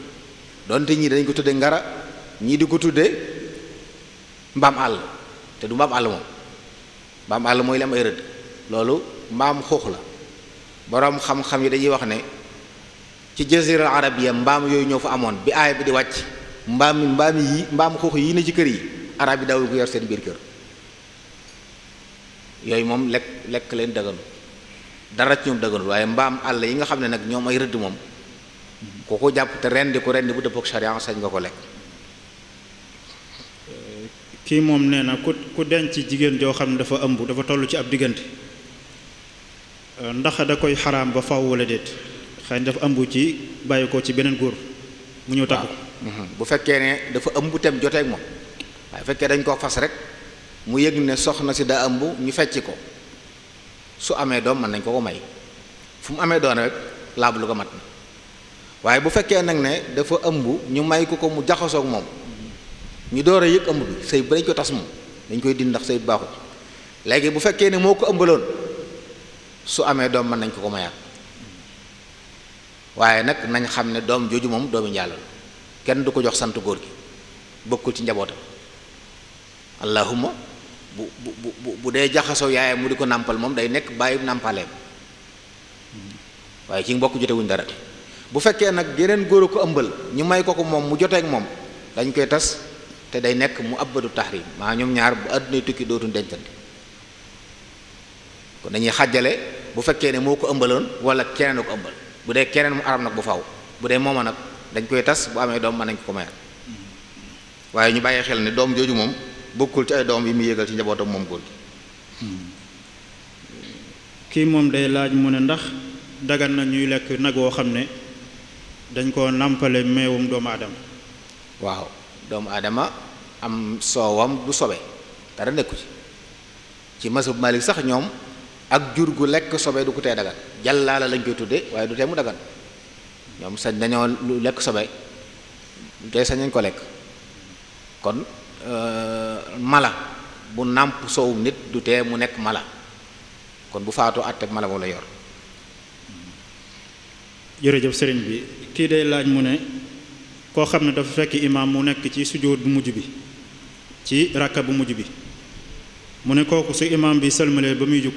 donte ñii dañ ko tudde ngara ñii di ko tuddee mbaam àll te du mbaam àll moom mbaam àll mooy li ay rëdd loolu mbaam xuux la boroom xam-xam yi dañuy wax ne ci arab arabiya mbaam yooyu ñoo fa amoon bi aay bi di wàcc mbaam mbaam yi mbaam xuux yi ne ci kër yi arab yi daawul ku yor seen biir kër yooyu moom lekk lekk leen daganu dara ci ñoom daganul waaye mbaam àll yi nga xam ne nag ñoom ay rëdd moom kooku jàpp te rendi ku rendi bu dëppook sharia sañ nga ko lekk kii moom nee na ku ku denc jigéen joo xam ne dafa ëmb dafa tollu ci ab diggante euh, ndax da koy xaraam ba faw wala déet xëy na dafa ëmb ci bàyyi ko ci beneen góor mu ñëw takk mhm. bu fekkee ne dafa ëmb tem joteeg moom waaye fekkee dañ koo fas rek mu yëg ne soxna si da ëmb ñu fecc ko su amee doom mën nañ koo ko may fu mu amee doon rek laabu lu ko mat waaye bu fekkee nag ne dafa ëmb ñu may ko ko mu jaxasook moom ñu door a yëg ëmb bi sëy bi dañ ko tas moom dañ koy dind ndax sëy baaxut léegi bu fekkee ne moo ko ëmbaloon su amee doom mën nañ ko ko mayaat waaye nag nañ xam ne doom jooju moom doomi njaalal kenn du ko jox sant góor gi bokkul ci njabootam allahuma bu bu bu bu dee jaxasoo yaayam mu di ko nàmpal moom day nekk bàyyi nàmpaleem waaye ci mbokk jotewuñ dara bu fekkee nag yeneen góor a ko ëmbal ñu may ko ko moom mu joteek moom dañ koy tas te day nekk mu abadu tahrim maa ñoom ñaar bu àddunay tukki dootuñ dencante kon dañuy xàjjale bu fekkee ne moo ko ëmbaloon wala keneen a ko ëmbal bu dee keneen mu arab nag bu faw bu dee mooma nag dañ koy tas bu amee doom mën nañ ko ko mayal waaye ñu bàyyee xel ne doom jooju moom bokkul ci ay doom yi mu yégal ci njabootam moom góor gi hmm. kii moom day laaj mu ne ndax dagan na ñuy lekk nag woo xam ne dañ koo nàmpale meewum doomu aadama waaw doomu aadama am soowam du sobe dara nekku ci ci masab Malik sax ñoom ak jur gu lekk sobee du ko tee dagan jàllaala lañ koy tuddee waaye du tee mu dagal ñoom sañ dañoo lu lekk sobe du tee sañ nañ ko lekk kon euh, mala bu nàmp soowum nit du tee mu nekk mala kon bu faatoo àtte mala moom la yor jërëjëf sëriñ bi kii day laaj mu ne koo xam ne dafa fekk imaam mu nekk ci sujjóot bu mujj bi ci rakka bu mujj bi mu ne kooku su imaam bi sëlmalee ba muy jóg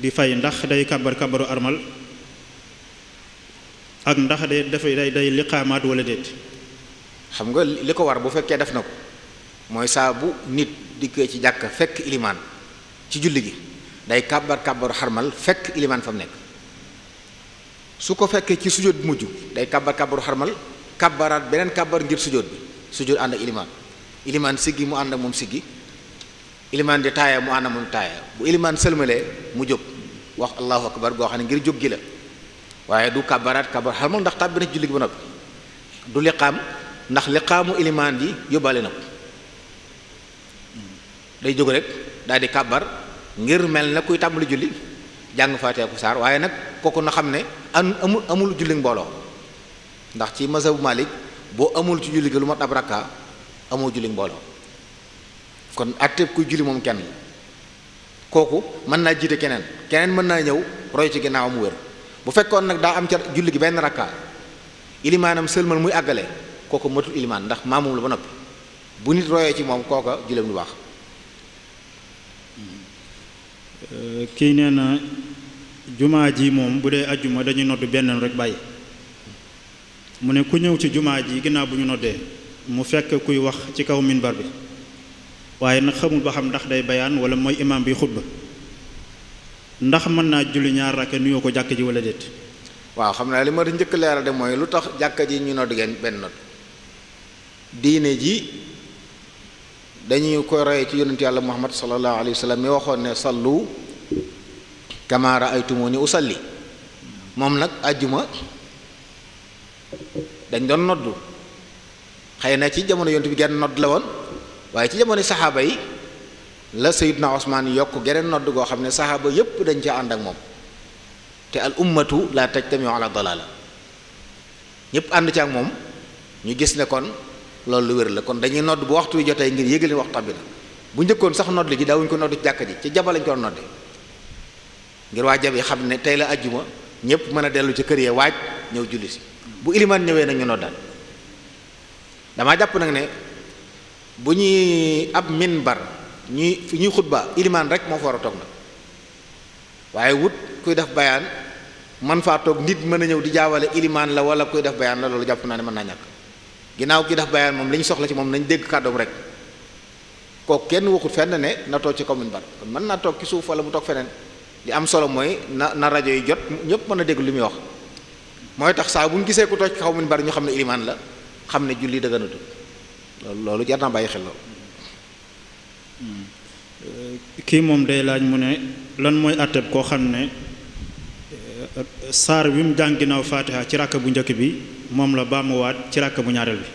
di fay ndax day kabar kabaru armal ak ndax day dafay day day liqaamaat walla déet xam nga li ko war bu fekkee def na ko mooy saabu bu nit dikkee ci jàkk fekk ilimaan ci julli gi day kabar kabaru armal fekk ilimaan fa mu nekk su ko fekkee ci sujjóot bi mujj day kàbbar kàbbaru xarmal kàbbaraat beneen kabar ngir sujjóot bi sujjóot ànd ak ilimaan ilimaan siggi mu ànd ak moom siggi ilimaan di taaya mu ànd ak moom taaya bu ilimaan sëlmalee mu jóg wax allahu akbar goo xam ne ngir jóg gi la waaye du kàbbaraat kàbbar xarmal ndax tàbbi na julli gi ba noppi du liqaam ndax liqaamu ilimaan yi yóbbaale na ko day jóg rek daal kabar ngir mel na kuy tàmbali julli jàng faatiha ku saar waaye nag kooku na xam ne an amul amul julli mbooloo ndax ci mazhabu Malik boo amul ci julli gi lu mat ab rakka amoo julli mbooloo kon àtteeb kuy julli moom kenn kooku mën naa jiite keneen keneen mën naa ñëw roy ci ginnaaw mu wér bu fekkoon nag daa am ca julli gi benn rakka ilimaanam sëlmal muy àggale kooku matul ilimaan ndax maamum la ba noppi bu nit royee ci moom kooka julleem lu baax Euh, kii nee na jumaa ji moom bu dee ajjuma dañuy nodd benn rek bàyyi mu ne ku ñëw ci jumaa ji ginnaaw bu ñu noddee mu fekk kuy wax ci kaw minbar bi waaye nag xamul ba xam ndax day bayaan wala mooy imaam bi xutba ndax mën naa julli ñaar raka nuyoo ko jàkk ji wala déet waaw xam naa li ma njëkk leeral de mooy lu tax jàkka ji ñu nodd genn benn nodd diine ji dañu koy royee ci yonent yàlla muhammad sallallahu alayhi wa sallam mi waxoon ne sallu kama ra'aytumuni usalli moom nag àjjuma dañ doon noddu xëy na ci jamono yonent bi genn nodd la woon waaye ci jamono saxaaba yi la sayyidna Usmaan yokk geneen nodd goo xam ne saxaaba yépp dañ ca ànd ak moom te al ummatu la tajtamiu ala dalala ñépp ànd ci ak moom ñu gis ne loolu lu wér la kon dañuy nodd bu waxtu wi jotee ngir yëgali wax bi la bu njëkkoon sax nodd ji daawuñ ko nodd jàkka ji ci jaba lañ ko doon nodde ngir waa jab xam ne tey la ajjuma ñëpp mën a dellu ci kër yee waaj ñëw julli bu ilimaan ñëwee nag ñu noddal damaa jàpp nag ne bu ñuy ab minbar ñuy fi ñuy xutba ilimaan rek moo fa war a toog nag waaye wut kuy def bayaan man faa toog nit mën a ñëw di jaawale ilimaan la wala kuy def bayaan la loolu jàpp naa ne mën naa ñàkk ginnaaw gi daf bayaan moom li ñu soxla ci moom nañ dégg kàddoom rek kooku kenn waxut fenn ne na toog ci commune bar kon mën naa toog ci suuf wala mu toog feneen li am solo mooy na na rajo yi jot ñépp mën a dégg lu muy wax mooy tax saa bu ñu gisee ku toog ci commune bar ñu xam ne ilimaan la xam ne julli dëgganatul loolu jar naa bàyyi xel loolu hmm. kii moom day laaj mu ne lan mooy àtteeb koo xam ne euh, saar bi mu jàng ginnaaw faatiha ci ràkk bu njëkk bi moom la baamuwaat ci ràkk bu ñaareel bi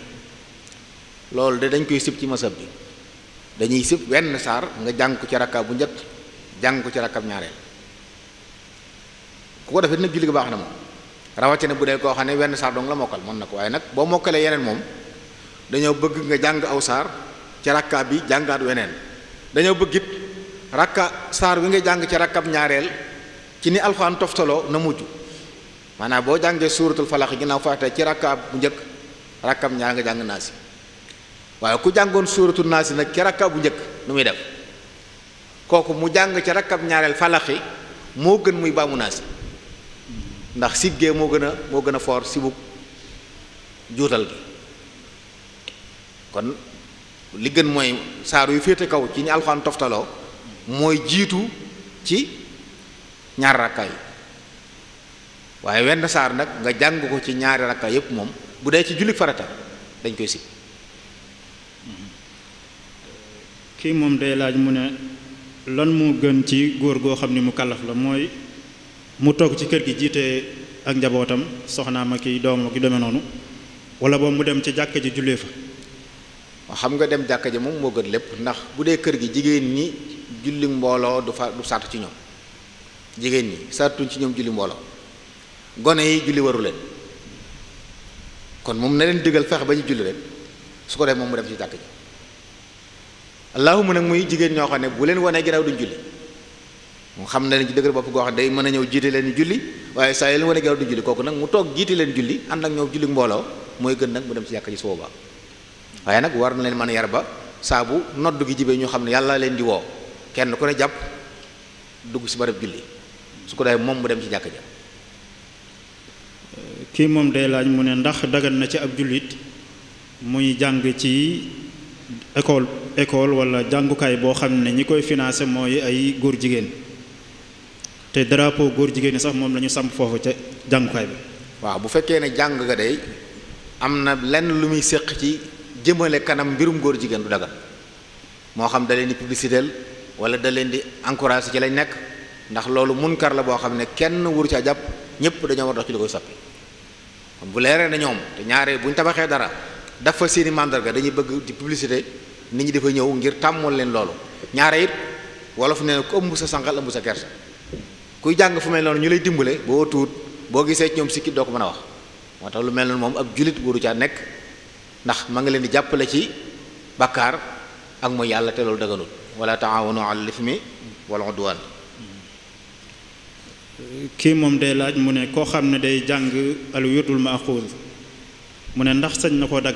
loolu de dañ koy sib ci masab bi dañuy sib wenn saar nga jàng ko ci rakka bu njëkk jàng ko ci rakkab ñaareel ku ko defee nag julli ko baax na moom rawatina bu dee koo xam ne wenn saar dong la mokkal mën na ko waaye nag boo mokkalee yeneen moom dañoo bëgg nga jàng aw saar ci rakka bi jàngaat weneen dañoo bëgg it rakka saar wi nga jàng ci rakkab ñaareel ci ni alxuraan toftaloo na mujj maanaa boo jàngee suuratul falax ginnaaw faatee ci rakkaab bu njëkk rakkaab ñaar nga jàng naasi waaye ku jàngoon suuratul naasi nag ci rakkaab bu njëkk nu muy def kooku mu jàng ci rakkaab ñaareel falaxi moo gën muy baamu naasi ndax siggee moo gën a moo gën a foor sibug juutal gi kon li gën mooy saar yu féete kaw ci ñu alxaan toftaloo mooy jiitu ci ñaar rakkaay waaye wenn saar nag nga jàng ko ci ñaari rakka yépp moom bu dee ci jullit farata dañ koy sib kii moom day laaj mu ne lan mu gën ci góor goo xam ni mu kallaf la mooy mu toog ci kër gi jiite ak njabootam soxnaam ak i doom ak i demee noonu wala boobu mu dem ci jàkka ji jullee fa xam nga dem jàkka ji moom moo gën lépp ndax bu dee kër gi jigéen ñi julli mbooloo du fa ci ñoom jigéen ñi sartuñ ci ñoom julli mbooloo gone yi julli waru leen kon moom na leen digal fexe ba ñu julli leen su ko def moom mu dem ci jàkk ji muy jigéen ñoo xam ne bu leen wanee ginnaaw duñ julli mu xam na leen ci dëgër bopp goo xam day mën a ñëw jiite leen julli waaye saa yi leen wanee ginnaaw duñ nag mu toog jiite leen julli ànd ak ñoom julli mooy gën nag mu dem ci jàkk ji su boobaa waaye nag war leen mën a yar ba saa bu gi jibee ñu xam ne yàlla leen di woo kenn ku ne jàpp dugg ci barab julli su ko moom mu dem ci jàkk ja kii moom day laaj mu ne ndax dagan na ci ab jullit muy jàng ci école école wala jàngukaay boo xam ne ñi koy financé mooy ay góor jigéen te drapeau góor jigéen ñi sax moom la ñu samp foofu ca jàngukaay bi. waaw bu fekkee ne jàng ga dey am na lenn lu muy séq ci jëmale kanam mbirum góor jigéen du dagan moo xam da di publicité wala da leen di encourage ci lay nekk ndax loolu mun kar la boo xam ne kenn wuru caa jàpp ñëpp dañoo war ci li koy soppi kon bu leeree na ñoom te ñaaree bu ñu tabaxee dara dafa seeni màndarga dañuy bëgg di publicité nit ñi dafa ñëw ngir tàmmool leen loolu ñaare it wolof nee na ku ëmb sa sanqal ëmb sa kersa kuy jàng fu mel noonu ñu lay dimbale boo tuut boo gisee ci ñoom sikki doo ko mën a wax moo tax lu mel noonu moom ab jullit waru caa nekk ndax ma ngi leen di jàppale ci bàkkaar ak mooy yàlla te loolu daganut wala taawanu ala lifmi wal udwan kii moom day laaj mu ne koo xam ne day jàng al wérdul maaxuuz mu ne ndax sañ na koo dagg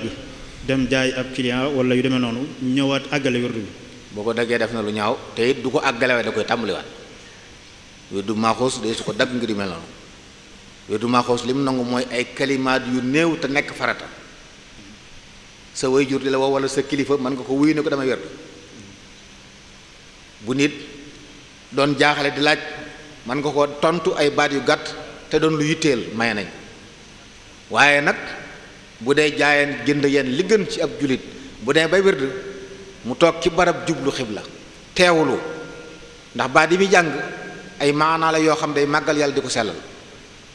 dem jaay ab client wala yu demee noonu ñëwaat àggale wérdu bi boo ko daggee def na lu ñaaw te du ko àggale waaye da koy tàmbaliwaat wérdu maaxuuz day su ko dagg ngir yu mel noonu wérdu maaxuuz li mu nangu mooy ay kalimaat yu néew te nekk farata sa way jur di la woo wala sa kilifa mën nga ko wuyu ne ko damay wérdu bu nit doon jaaxale di laaj man nga ko tontu ay baat yu gàtt te doon lu yitteel may nañ waaye nag bu dee jaayeen jënd yeen li gën ci ab jullit bu dee bay wérd mu toog ci barab jublu xibla teewulu ndax baat yi muy jàng ay maanaa la yoo xam day màggal yàlla di ko sellal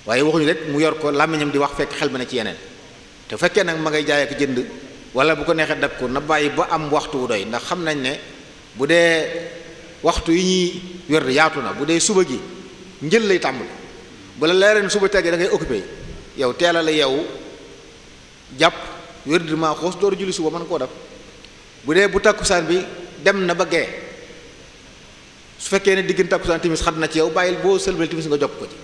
waaye waxuñu rek mu yor ko làmmiñam di wax fekk xel ma ne ci yeneen te fekkee nag ma ngay jaay ak jënd wala bu ko neexee dab ko na bàyyi ba am waxtu wu doy ndax xam nañ ne bu dee waxtu yi ñuy wérd yaatu na bu dee suba gi njël lay tàmbali bu la leereen suba teggee da ngay occupé yow teela la yow jàpp wér di maa xoos door julli suba mën koo def bu dee bu takkusaan bi dem na ba gee su fekkee ne diggante takkusaan timis xat na ci yow bàyyil boo sëlmal timis nga jokk ko ci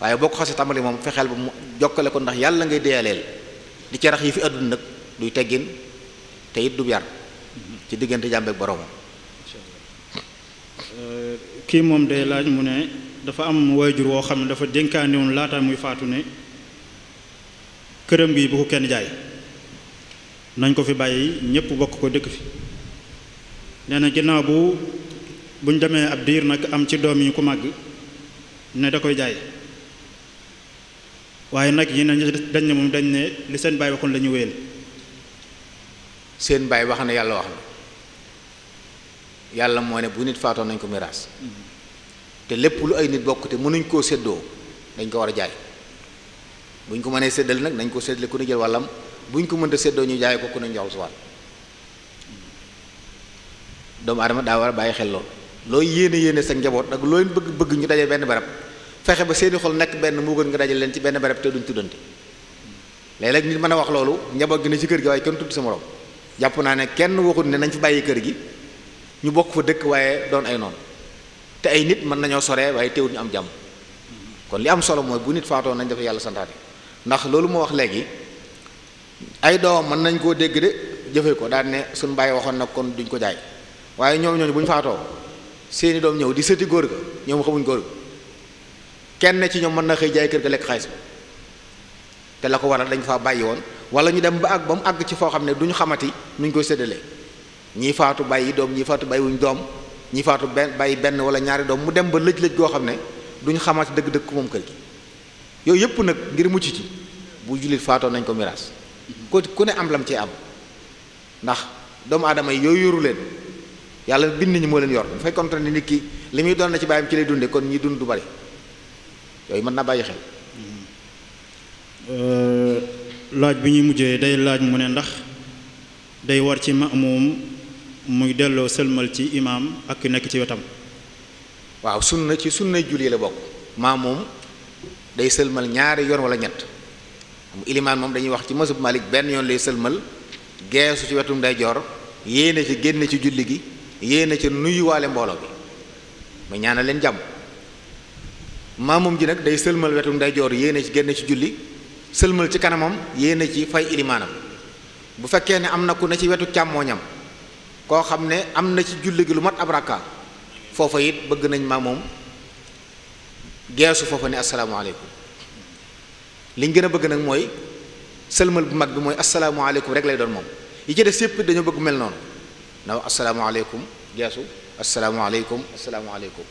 waaye boo ko xasee tàmbali moom fexeel ba mu jokkale ko ndax yàlla ngay deyaleel di ci rax yi fi àdduna nag duy teggin te it du yar ci diggante jàmbeek boroomam euh, kii moom day laaj mu ne dafa am waajur woo xam ne dafa dénkaane woon laata muy faatu ne këram gi bu ko kenn jaay nañ ko fi bàyyi ñépp bokk ko dëkk fi nee na ginnaaw bu buñ demee ab diir nag am ci doom yi ku màgg ne da koy jaay waaye nag yi ne dañ ne moom dañ ne li seen baay waxoon la ñu wéyal seen baay wax na yàlla wax na yàlla moo ne bu nit faatoon nañ ko miraas mm-hmm. te lépp lu ay nit bokk te mënuñ koo séddoo dañ ko war a jaay buñ ko mënee séddale nag nañ ko séddale ku ne jël wàllam buñ ko mënta séddoo ñu jaay ko ku ne njaxul si wàll doomu war a bàyyi xel lool looy yéene yéene sa njaboot ak looy bëgg bëgg ñu daje benn barab fexe ba seeni xol nekk benn moo nga daje leen ci benn barab te duñ tuddante léeg-léeg nit mën a wax loolu njaboot gi ne ci kër gi waaye kenn tudd sa morom jàpp naa ne kenn waxut ne nañ fi bàyyi kër gi ñu bokk fa dëkk waaye doon ay noonu te ay nit mën nañoo soree waaye teewul ñu am jàmm kon li am solo mooy bu nit faatoo nañ def yàlla santaane ndax loolu moo wax léegi ay doom mën nañ koo dégg de jëfe ko daan ne suñ bàyyi waxoon nag kon duñ ko jaay waaye ñoom ñooñu bu ñu faatoo seeni doom ñëw di sëti góor ga ñoom xamuñ góor ga kenn ci ñoom mën na xëy jaay kër ga lekk xaalis ba te la ko waral dañ fa bàyyi woon wala ñu dem ba àgg ba mu àgg ci foo xam ne duñu xamati nuñ koy séddalee ñii faatu bàyyi doom ñii faatu bàyyi doom ñi faatu benn bàyyi benn wala ñaari doom mu dem ba lëj-lëj goo xam ne duñu xamaat dëgg-dëgg ku moom kër gi yooyu yëpp nag ngir mucc ci bu jullit faatoo nañ ko miraas ku ku ne am lam ci am ndax doomu adama yi yooyu yoru leen yàlla bind ñi moo leen yor bu fekkoon ne nit ki li muy doon na ci bàyyam ci lay dunde kon ñi dund du bari yooyu mën naa bàyyi xel euh, laaj bi ñuy mujjee day laaj mu ne ndax day war ci maamum muy delloo sëlmal ci imaam ak nekk ci wetam waaw sunna ci sunnay julli la bokk maa moom day sëlmal ñaari yoon walla ñett am ilimaan moom dañuy wax ci masub malik benn yoon lay sëlmal geesu ci wetu ndeyjoor joor ci génn ci julli gi yéene ci nuyuwaale mbooloo bi leen jàmm maamum ji nag day sëlmal wetum day joor ci génn ci julli sëlmal ci kanamam yéene ci fay ilimaanam bu fekkee ne am na ku ne ci wetu càmmooñam koo xam ne am na ci julli gi lu mat ab rakka foofa it bëgg nañ ma moom geesu foofu ne asalaamaaleykum liñ gën a bëgg nag mooy sëlmal bu mag bi mooy asalaamaaleykum rek lay doon moom yi ci des yëpp dañoo bëgg mel noonu ndax asalaamaaleykum geesu asalaamaaleykum asalaamaaleykum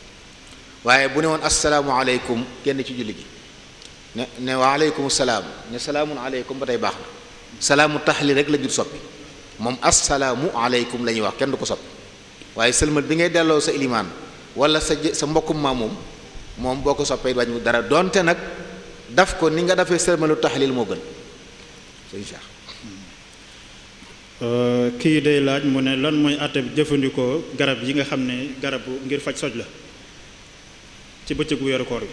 waaye bu ne woon asalaamaaleykum génn ci julli gi ne ne salaam ne salaamun aleykum ba tey baax na salaamu taxli rek la jur soppi moom assalaamu aleykum la ñuy wax kenn du ko soppi waaye sëlmal bi ngay delloo sa ilimaan wala sa sa mbokkum maa moom boo ko soppee bu dara donte nag daf ko ni nga defee sëlmalu taxlil moo gën incha euh, kii day laaj mu ne lon mooy àtteeb jëfandikoo garab yi nga xam ne garab ngir faj soj la ci bëccëgu weeru koor bi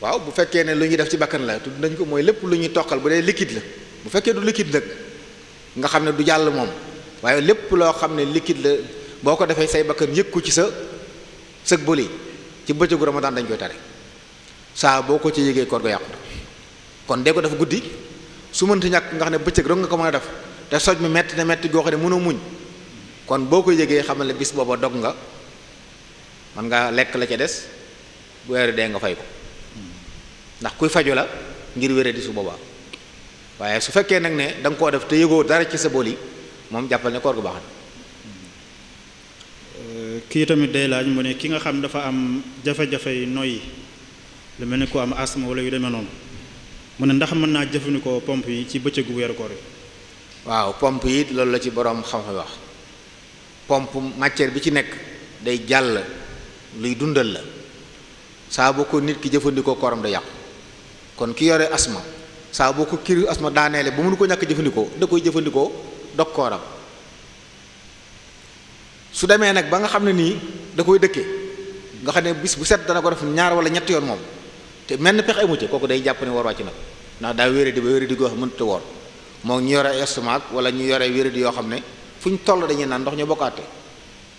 waaw bu fekkee ne lu ñu def ci bakkan la tudd nañ ko mooy lépp lu ñuy toqal bu dee liquide la bu fekkee du liquide nag nga xam ne du jàll moom waaye lépp loo xam ne liquide la boo ko defee say bakkan ko ci sa sëg boli ci bëccëgu ramadan dañ koy tare saa boo ko ci yëgee koor ga yàqu kon dee ko def guddi su mënti ñakk nga xam ne bëccëg rek nga ko mën a def te soj mi metti na metti goo xam ne mënoo muñ kon boo ko yëgee xamal ne bis booba dog nga man nga lekk la ca des bu weeru dee nga fay ko ndax kuy faju la ngir wére di su boobaa waaye su fekkee nag ne danga koo def te yëgoo dara ci sa bool yi moom jàppal ne koor gu baax na euh, kii tamit day laaj mu ne ki nga xam dafa am jafe-jafe yu noyyi lu mel ni ko am asthme wala yu demee noonu mu ne ndax mën naa jëfandikoo pompe yi ci bëccëgu weeru koor yi waaw pompe yi loolu la ci boroom xam-xam wax pompe matière bi ci nekk day jàll luy dundal la saa ko nit ki jëfandikoo kooram da yàqu kon ki yore asma saa boo ko kiri asma daaneele ba mënu ko ñàkk jëfandikoo da koy jëfandikoo dog kooram su demee nag ba nga xam ne nii da koy dëkke nga xam ne bis bu set dana ko def ñaar wala ñetti yoon moom te mel ni pexe amu kooku day jàpp ne war wàcc na ndax daa wéré di ba wéré di goo xam mënut a woor moom ñu yore estomac wala ñu yore wéré di yoo xam ne fu ñu toll dañuy naan ndox ñu bokkaate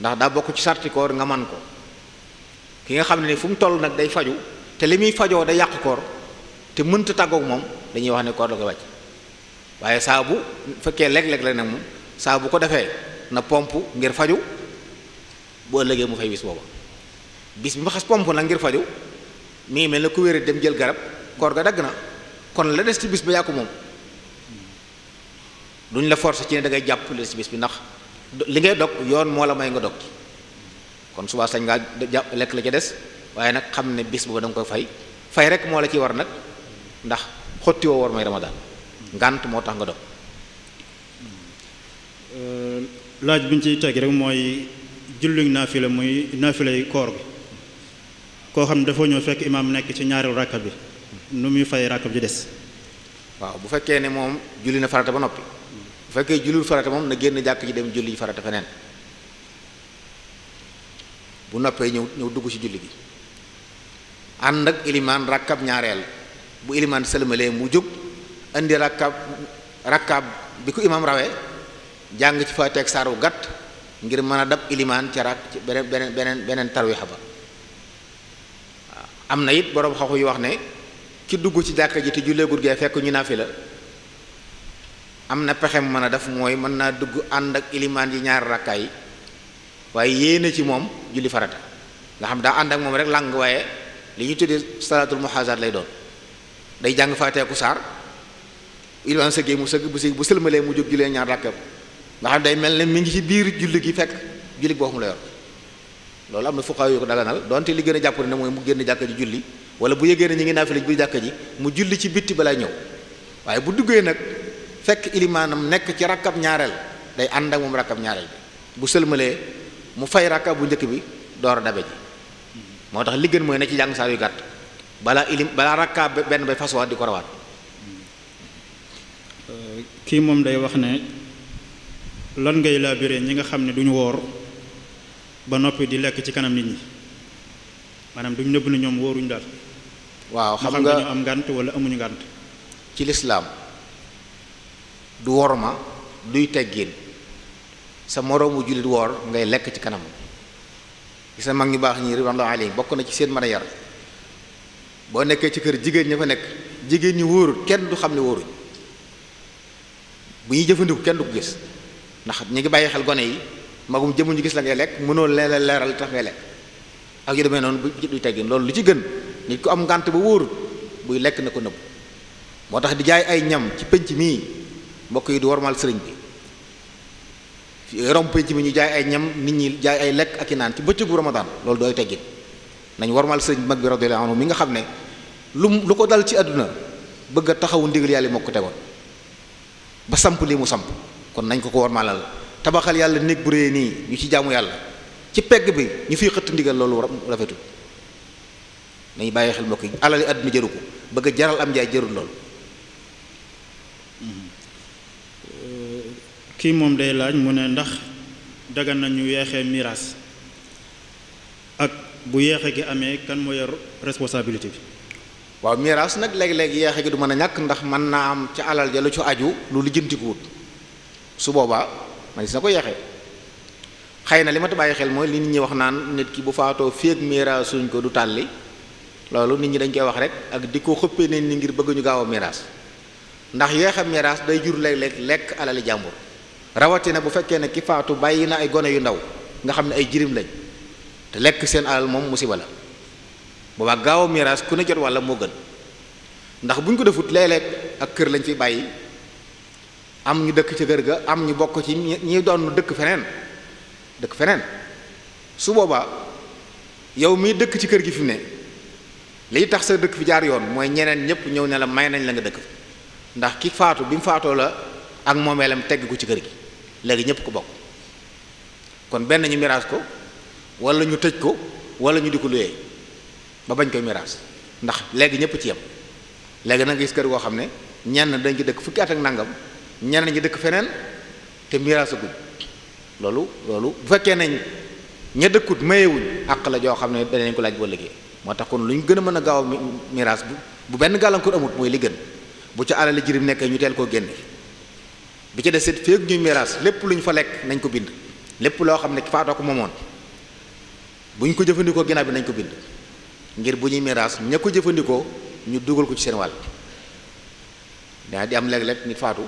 ndax daa bokk ci sarti koor nga man ko ki nga xam ne ni fu mu toll nag day faju te li muy fajoo day yàq koor te mënta tàggook moom dañuy wax ne koor la koy wàcc waaye saa bu fekkee léeg-léeg la nag moom saa bu ko defee na pomp ngir faju bu ëllëgee mu fay bis booba bis bi ngir faju mi ngi mel ne ku wér dem jël garab koor ga dagg na kon la des ci bis moom duñ la forcer ci da ngay jàpp la des bi ndax li ngay dog yoon moo la may nga dog kon subaa sañ ngaa jàpp lekk la ca des waaye nag xam ne bis booba da nga koy fay fay rek moo la ci war nag ndax xotti woo war may ramadaan ngànt moo tax nga dog euh, laaj bi ñu ci teg rek mooy julli naafila muy naafila yi koor bi koo xam ne dafa ñëw fekk imaam nekk ci ñaareelu ràkka bi nu muy fay ràkka bi ci des waaw bu fekkee ne moom julli na farata ba noppi bu fekkee jullul farata moom na génn jàkk ji dem julli ji farata feneen bu noppee ñëw ñëw dugg ci julli bi ànd ak ilimaan ràkkab ñaareel bu ilimaan sëlmalee mu jóg indi rakkaab rakkaab bi ko imam rawee jàng ci fa teg saaru gàtt ngir mën a dab ilimaan ca rak beneen beneen beneen beneen tarwixa ba am na it boroom xaw yu wax ne ki dugg ci jàkka ji te julleegul gee fekk ñu naafi la am na pexe mu mën a def mooy mën naa dugg ànd ak ilimaan yi ñaari rakkaa yi waaye yéene ci moom julli farata nga xam daa ànd ak moom rek làng waaye li ñu tuddee salaatul muhazaat lay doon day jàng faateeku saar imaam sëggee mu sëgg bu si bu sëlmalee mu jóg jullee ñaar ràkkab nga xam day mel ne mi ngi ci biir julli gi fekk julli boo xam la yor loolu am na fuqaa yu ko daganal donte li gën a jàpp ne mooy mu génn jàkka ji julli bu yëgee ne ñu ngi naafila bu jàkka ji mu julli ci bitti balaa ñëw waaye bu duggee nag fekk ilimaanam nekk ci rakkab ñaareel day ànd ak moom rakkab ñaareel bi bu sëlmalee mu fay rakkab bu njëkk bi door a dabe ji moo tax li gën mooy na ci jàng saar gàtt balaa ilim balaa rakkaa benn bay fasuwaat di ko rawaat euh, kii moom day wax ne lan ngay laabiree ñi nga xam ne duñu woor ba noppi di lekk ci kanam nit ñi maanaam duñ nëbb na ñoom wóoruñ daal waaw xam nga am ngànt wala amuñu ngànt ci lislaam du wor ma duy teggin sa moroomu jullit woor ngay lekk ci kanam gis na mag ñu baax ñi ridwaanulaahi bokk na ci seen mën yar boo nekkee ci kër jigéen ña fa nekk jigéen ñi wóorul kenn du xam ne wóoruñ bu ñuy jëfandiku kenn du ko gis ndax ñu ngi bàyyi xel gone yi magum jëmu ñu gis la ngay lekk mënoo leen leeral tax ngay lekk ak yu demee noonu bu duy loolu lu ci gën nit ku am ngànt ba wóorut buy lekk na ko nëbb moo tax di jaay ay ñam ci pénc mii mbokk yi du warmal sëriñ bi rom pénc mi ñu jaay ay ñam nit ñi jaay ay lekk ak i naan ci bëccëgu ramadan loolu dooy teggin nañ warmal sëriñ bi mag bi nga xam ne lu lu ko dal ci àdduna bëgg a taxawu ndigal yàlla moo ko tegoon ba samp lii mu samp kon nañ ko ko war maalal tabaxal yàlla néeg bu réy nii ñu ci jàmm yàlla ci pegg bi ñu fiy xëtt ndigal loolu rafetul nañu bàyyi xel mbokk yi alali àdduna jëru ko bëgg a jaral am njaay jërul loolu euh, kii moom day laaj mu ne ndax dagan nañu yeexee miraas ak bu yeexe gi amee kan moo yor responsabilité bi waaw miraas nag léeg-léeg yeexe gi du mën a ñàkk ndax mën naa am ca alal ja lu ci aju lu lijjantikuwut su boobaa man gis na ko yeexe xëy na li ma bàyyi xel mooy li nit ñi wax naan nit ki bu faatoo féeg miraas suñ ko du tàlli loolu nit ñi dañ koy wax rek ak di ko xëppee nañ ñi ngir bëgg ñu gaaw a miraas ndax yeexe miraas day jur léeg-léeg lekk alali jàmbur rawatina bu fekkee ne ki faatu bàyyi na ay gone yu ndaw nga xam ne ay jirim lañ te lekk seen alal moom musiba la boobaa gaaw a miraas ku ne jot walla moo gën ndax bu ñu ko defut léeg lekk ak kër lañ fi bàyyi am ñu dëkk ci kër ga am ñu bokk ci ñi doon dëkk feneen dëkk feneen su boobaa yow mii dëkk ci kër gi fi ne liy tax sa dëkk fi jaar yoon mooy ñeneen ñëpp ñëw ne la may nañ la nga dëkk ndax ki faatu bi mu faatoo la ak moomeelam tegg ko ci kër gi léegi ñëpp ko bokk kon benn ñu miraas ko walla ñu tëj ko wala ñu di ko luyee ba bañ koy miraas ndax léegi ñëpp ci yem léegi na nga gis kër goo xam ne ñenn dañ ci dëkk fukki at ak nangam ñenn ñi dëkk feneen te miraasaguñ loolu loolu bu fekkee nañ ña dëkkut mayewuñ àq la joo xam ne danañ ko laaj bu ëllëgee moo tax kon lu ñu gën a mën a gaaw miraas bu bu benn gàllankoor amut mooy li gën bu ca alal jirim nekkee ñu teel koo génne bi ci desit feeg ñuy miraas lépp lu ñu fa lekk nañ ko bind lépp loo xam ne faatoo ko moomoon bu ñu ko jëfandikoo ginnaaw bi nañ ko bind ngir bu ñuy miraas ña ko jëfandikoo ñu dugal ko ci seen wàll daa di am léeg-léeg nit faatu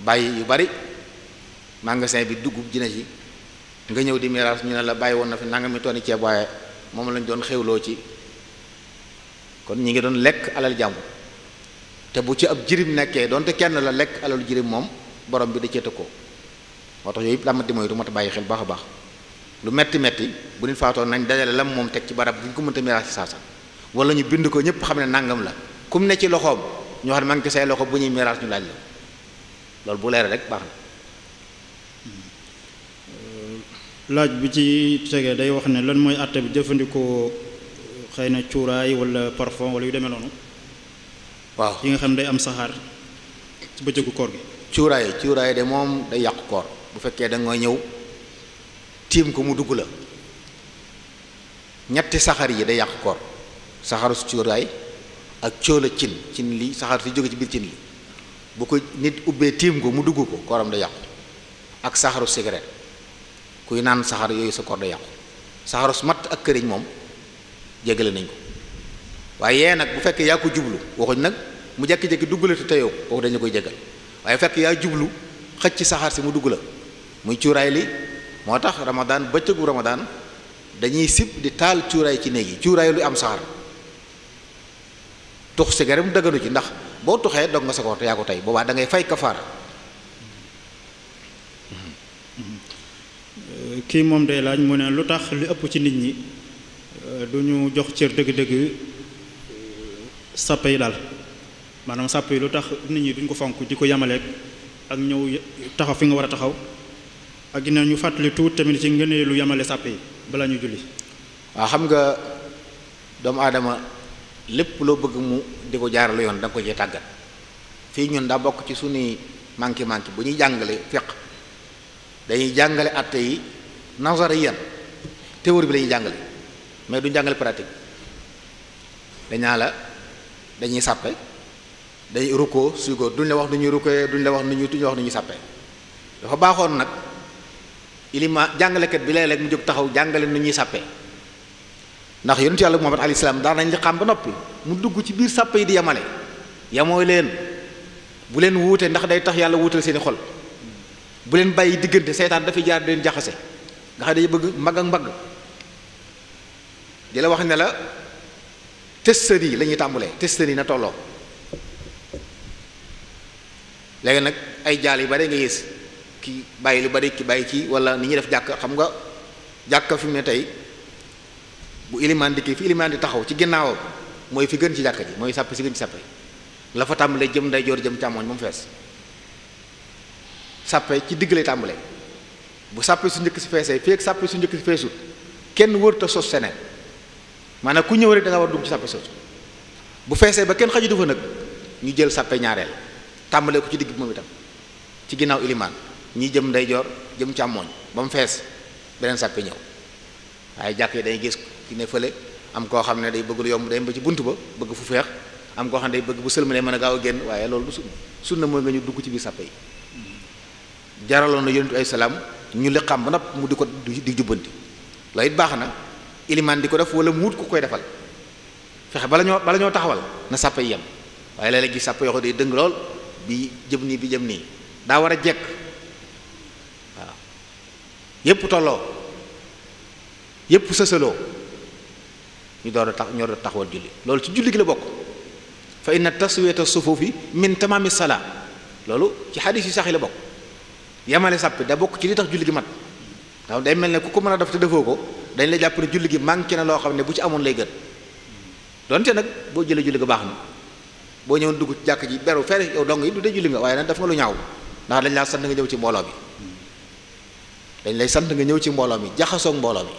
bàyyi yu bari magasin bi dugub ji nga ñëw di miraas ñu ne la bàyyi woon na fi nangami tonni ceeb waaye moom lañ doon xewloo ci kon ñu ngi doon lekk alal jàmbur te bu ci ab jirim nekkee donte kenn la lekk alalu jirim moom borom bi di cee ko moo tax yooyu yëpp làmati moytu mat a bàyyi xel baax a baax lu metti metti bu nit faatoo nañ dajale lam moom teg ci barab bu ñu ko mënta miraas ci saasa wala ñu bind ko ñëpp xam ne nangam la kum ne ci loxoom ñoo xam ne ma ngi say loxo bu ñuy miraas ñu laaj la loolu bu leer rek baax na. Euh, laaj bi ci tegee day wax ne lan mooy àtte bi jëfandikoo euh, xëy na cuuraay wala parfum wala yu demee noonu. waaw yi nga xam ne day am saxaar ci bëccëgu koor gi. cuuraay cuuraay de moom day yàqu koor bu fekkee da nga ñëw. tiim ko mu dugg la ñetti saxaar yi day yàq koor saxaru cuuraay ak cóola cin cin lii saxaar si jóge ci biir cin li bu ko nit ubbee tiim ko mu dugg ko kooram day yàqu ak saxaru cigarette kuy naan saxar yooyu sa koor day yàqu saxaru matt ak këriñ moom jégale nañ ko waaye yee nag bu fekkee yaa ko jublu waxuñ nag mu jékki-jékki dugg la te teyoo kooku dañu koy jégal waaye fekk yaa jublu xëcc saxaar si mu dugg la muy cuuraay li moo tax Ramadan bëccëgu Ramadan dañuy sib di taal cuuraay ci néeg yi cuuraay luy am saxar tux si mu dëgganu ci ndax boo tuxee dog nga sa koor ko tey boobaa da ngay fay kafaar euh, kii moom day laaj mu ne lu tax li ëpp ci nit ñi euh, du ñu jox cër dëgg-dëgg euh, sàpp yi daal maanaam sàpp yi lu tax nit ñi duñ ko fonk di ko yamaleeg ak ñëw taxaw fi nga war a taxaw ak ginaaw ñu fàttali tuut tamit ci ngëneelu yamale sàpp yi balaa ñu julli waa xam nga doomu aadama lépp loo bëgg mu di ko jaarale yoon da nga ko cee tàggat fii ñun daa bokk ci suñuy manqué manqué bu ñuy jàngale fiq dañuy jàngale atte yi nazariyan théorie bi la ñuy jàngale mais duñ jàngale pratique dañaa la dañuy sàppe dañuy rukkoo suy du duñ la wax nu ñuy rukkee duñ la wax nu ñuy la wax nu ñuy sàppe dafa baaxoon nag ilima jàngaleket bi léeg-léeg mu jóg taxaw jàngale nu ñuy sàppe ndax yonentu yàlla Muhammad alayhi salaam daan nañ li xam ba noppi mu dugg ci biir sàppe yi di yamale yamoo leen bu leen wuutee ndax day tax yàlla wuutal seeni xol bu leen bàyyi diggante seytaan dafay jaar di leen jaxase nga xam day bëgg mbagg ak mbagg di la wax ne la testeurs yi la ñuy tàmbulee testeurs yi na tolloo léegi nag ay jaal yu bare nga yées ki bàyyi lu bari ki bàyyi ci wala ni ñuy def jàkk xam nga jàkk fi ne tey bu ilimaan di kii fi ilimaan di taxaw ci ginnaawam mooy fi gën ci jàkk ji mooy sàpp si gën ci sàppe la fa tàmbalee jëm ndeyjoor jëm càmmoñ ba mu fees sàppe ci digg lay tàmbalee bu sàppe su njëkk si feesee fii sàppe su njëkk si feesut kenn wërta sos seneen maanaam ku ñëw rek da nga war dugg ci sàppe sos bu feesee ba kenn xaju du fa nag ñu jël sàppe ñaareel tàmbalee ko ci digg bi moom ci ginnaaw ilimaan ñi jëm ndeyjoor jëm càmmooñ ba mu fees beneen sàppi ñëw waaye jàkk yi day gis ki ne fële am koo xam ne day bëgg lu yomb day ba ci bunt ba bëgg fu feex am koo xam ne day bëgg bu sëlmalee mën a gaaw a génn waaye loolu du sunna sunna mooy nga ñu dugg ci biir sàppe jaraloon na yonentu ay salaam ñu liqaam ba nopp mu di ko di jubbanti loolu it baax na ilimaan di ko def wala muut ku koy defal fexe bala ñoo bala ñoo taxawal na sàppe yi yem waaye léeg-léeg gi sàppe yoo dëng lool bi jëm nii bi jëm nii daa war a jekk yépp tolloo yépp sësaloo ñu door a tax ñoo doon taxawal julli loolu ci julli gi la bokk fa inna taswiyata sufufi min tamaami salaa loolu ci xadis yi sax yi la bokk yemale sàppi da bokk ci li tax julli gi mat ndax day mel ne ku ko mën a def te defoo dañ la jàpp ne julli gi loo xam ne bu ci amoon lay gën donte nag boo jëlee julli ga baax na boo ñëwoon dugg ci jàkk ji beru fere yow dong yi du dee julli nga waaye nag def nga lu ñaaw ndax dañ laa sant nga ñëw ci mbooloo bi dañ lay sant nga ñëw ci mbooloo mi jaxasoog mbooloo mi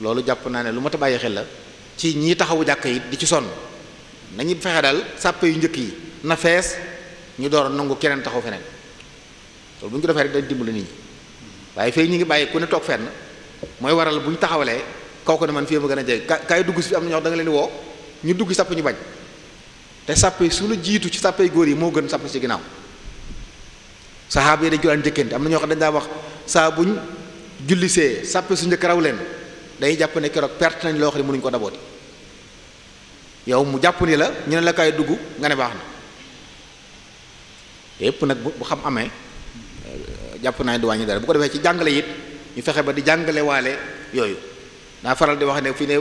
loolu jàpp naa ne lu mat a bàyyi xel la ci ñii taxawu jàkk yi di ci sonn nañu fexe daal sàppe yu njëkk yi na fees ñu door a nangu keneen taxaw feneen loolu bu ñu ko defee rek dañ dimbali nit ñi waaye fii ñu ngi bàyyi ku ne toog fenn mooy waral bu ñu taxawalee kaw ko ne man fii ma gën a jege kaay dugg si am na ñoo da nga leen woo ñu dugg sàpp ñu bañ te sàppe su la jiitu ci sàppay góor yi moo gën sàpp ci ginnaaw saxaaba yi dañ ko daan njëkkante am na ñoo xam dañ wax saa buñ jullisee sàppe su njëkk raw leen dañuy jàpp ne keroog perte nañ loo xam ne mënuñ ko dabooti yow mu jàpp ni la ñu ne la kaay dugg nga ne baax na yépp nag bu xam amee euh, jàpp naa ne du wàññi dara bu ko defee ci jàngale it ñu fexe ba di jàngale waale yooyu daa faral di wax ne fi ne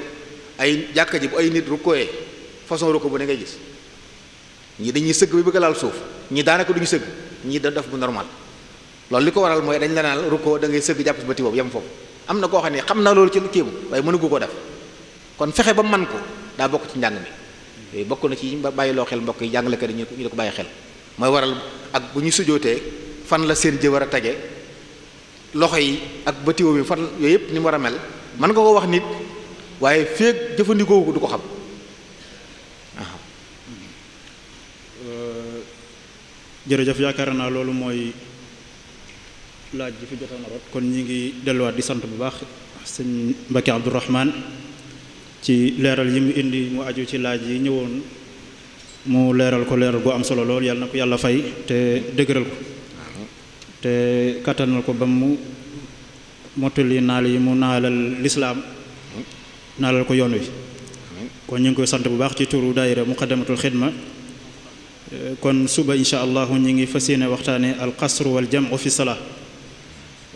ay jàkka ji bu ay nit rukkooyee façon rukko bu ne ngay gis ñi dañuy sëgg bi bëgg laal suuf ñi daanaka duñu sëgg ñii da def bu normal loolu li ko waral mooy dañ la naan rukkoo da ngay sëgg jàpp si bati boobu yem foofu am na koo xam ne xam na loolu ci lu kéemu waaye mënugu ko def kon fexe ba man ko daa bokk ci njàng bi yooyu bokk na ci loo xel mbokk yi jàngalekat yi ñu ko bàyyi xel mooy waral ak bu ñu sujootee fan la seen jë war a tege loxo yi ak batiwo bi fan yooyu yëpp ni mu war a mel mën nga ko wax nit waaye feeg jëfandikoo ko du ko xam jërëjëf yaakaar naa loolu mooy laaj bi fi jotoon a kon ñi ngi delluwaat di sant bu baax sëñ Mbacke Abdourahman ci leeral yi mu indi mu aju ci laaj yi ñëwoon mu leeral ko leeral gu am solo lool yàlla na ko yàlla fay te dëgëral ko te kattanal ko ba mu mottali naal yi mu naalal lislaam naalal ko yoon wi kon ñu ngi koy sant bu baax ci turu daayira Muqaddamatul Xidma kon suba incha allahu ñu ngi fas yéene waxtaane alqasru wal jam'u fi salaa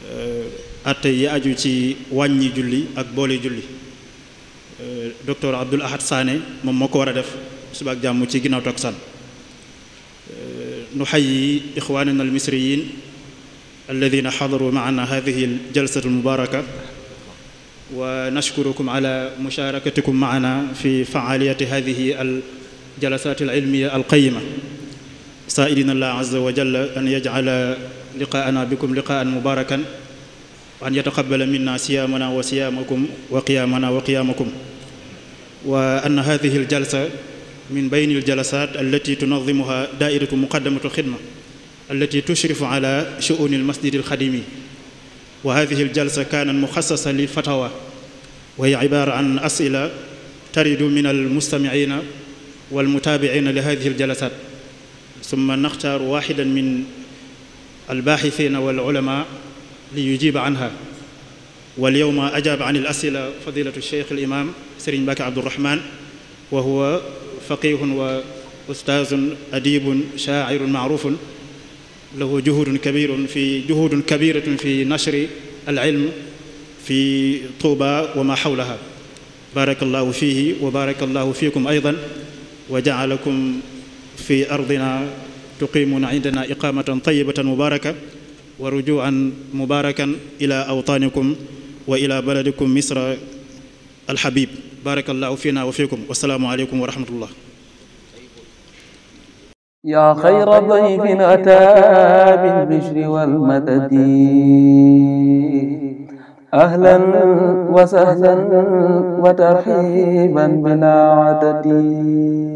euh, atte yi ci wàññi julli ak boole julli euh, docteur Abdoul Ahad Sané moom moo ko war a def suba ak jàmm ci ginnaaw takkusaan euh, nu xayyi ixwaanana almisriyin alladina xadaru maana hadihi aljalsatu almubaraka wa ala musharakatikum maana fi faaliyati hadihi جلسات العلمية القيمة سائلين الله عز وجل أن يجعل لقاءنا بكم لقاء مباركا وأن يتقبل منا صيامنا وصيامكم وقيامنا وقيامكم وأن هذه الجلسة من بين الجلسات التي تنظمها دائرة مقدمة الخدمة التي تشرف على شؤون المسجد الخديمي وهذه الجلسة كانت مخصصة للفتاوى وهي عبارة عن أسئلة ترد من المستمعين والمتابعين لهذه الجلسات ثم نختار واحدا من الباحثين والعلماء ليجيب عنها واليوم أجاب عن الأسئلة فضيلة الشيخ الإمام سرين باك عبد الرحمن وهو فقيه وأستاذ أديب شاعر معروف له جهود كبير في جهود كبيرة في نشر العلم في طوبى وما حولها بارك الله فيه وبارك الله فيكم أيضا wa jaalakum fi ardina tuqimuuna indana iqamatan tayibatan mubaraka wa rujuan mubarakan ila awtaanikum wa ila baladikum misra alxabib barakallahu fina wa fikum wasalaamu aleykum wa rahmatullah yaa xayra dayfin ataa bil bishri wal madadi أهلا وسهلا وترحيبا بلا عدد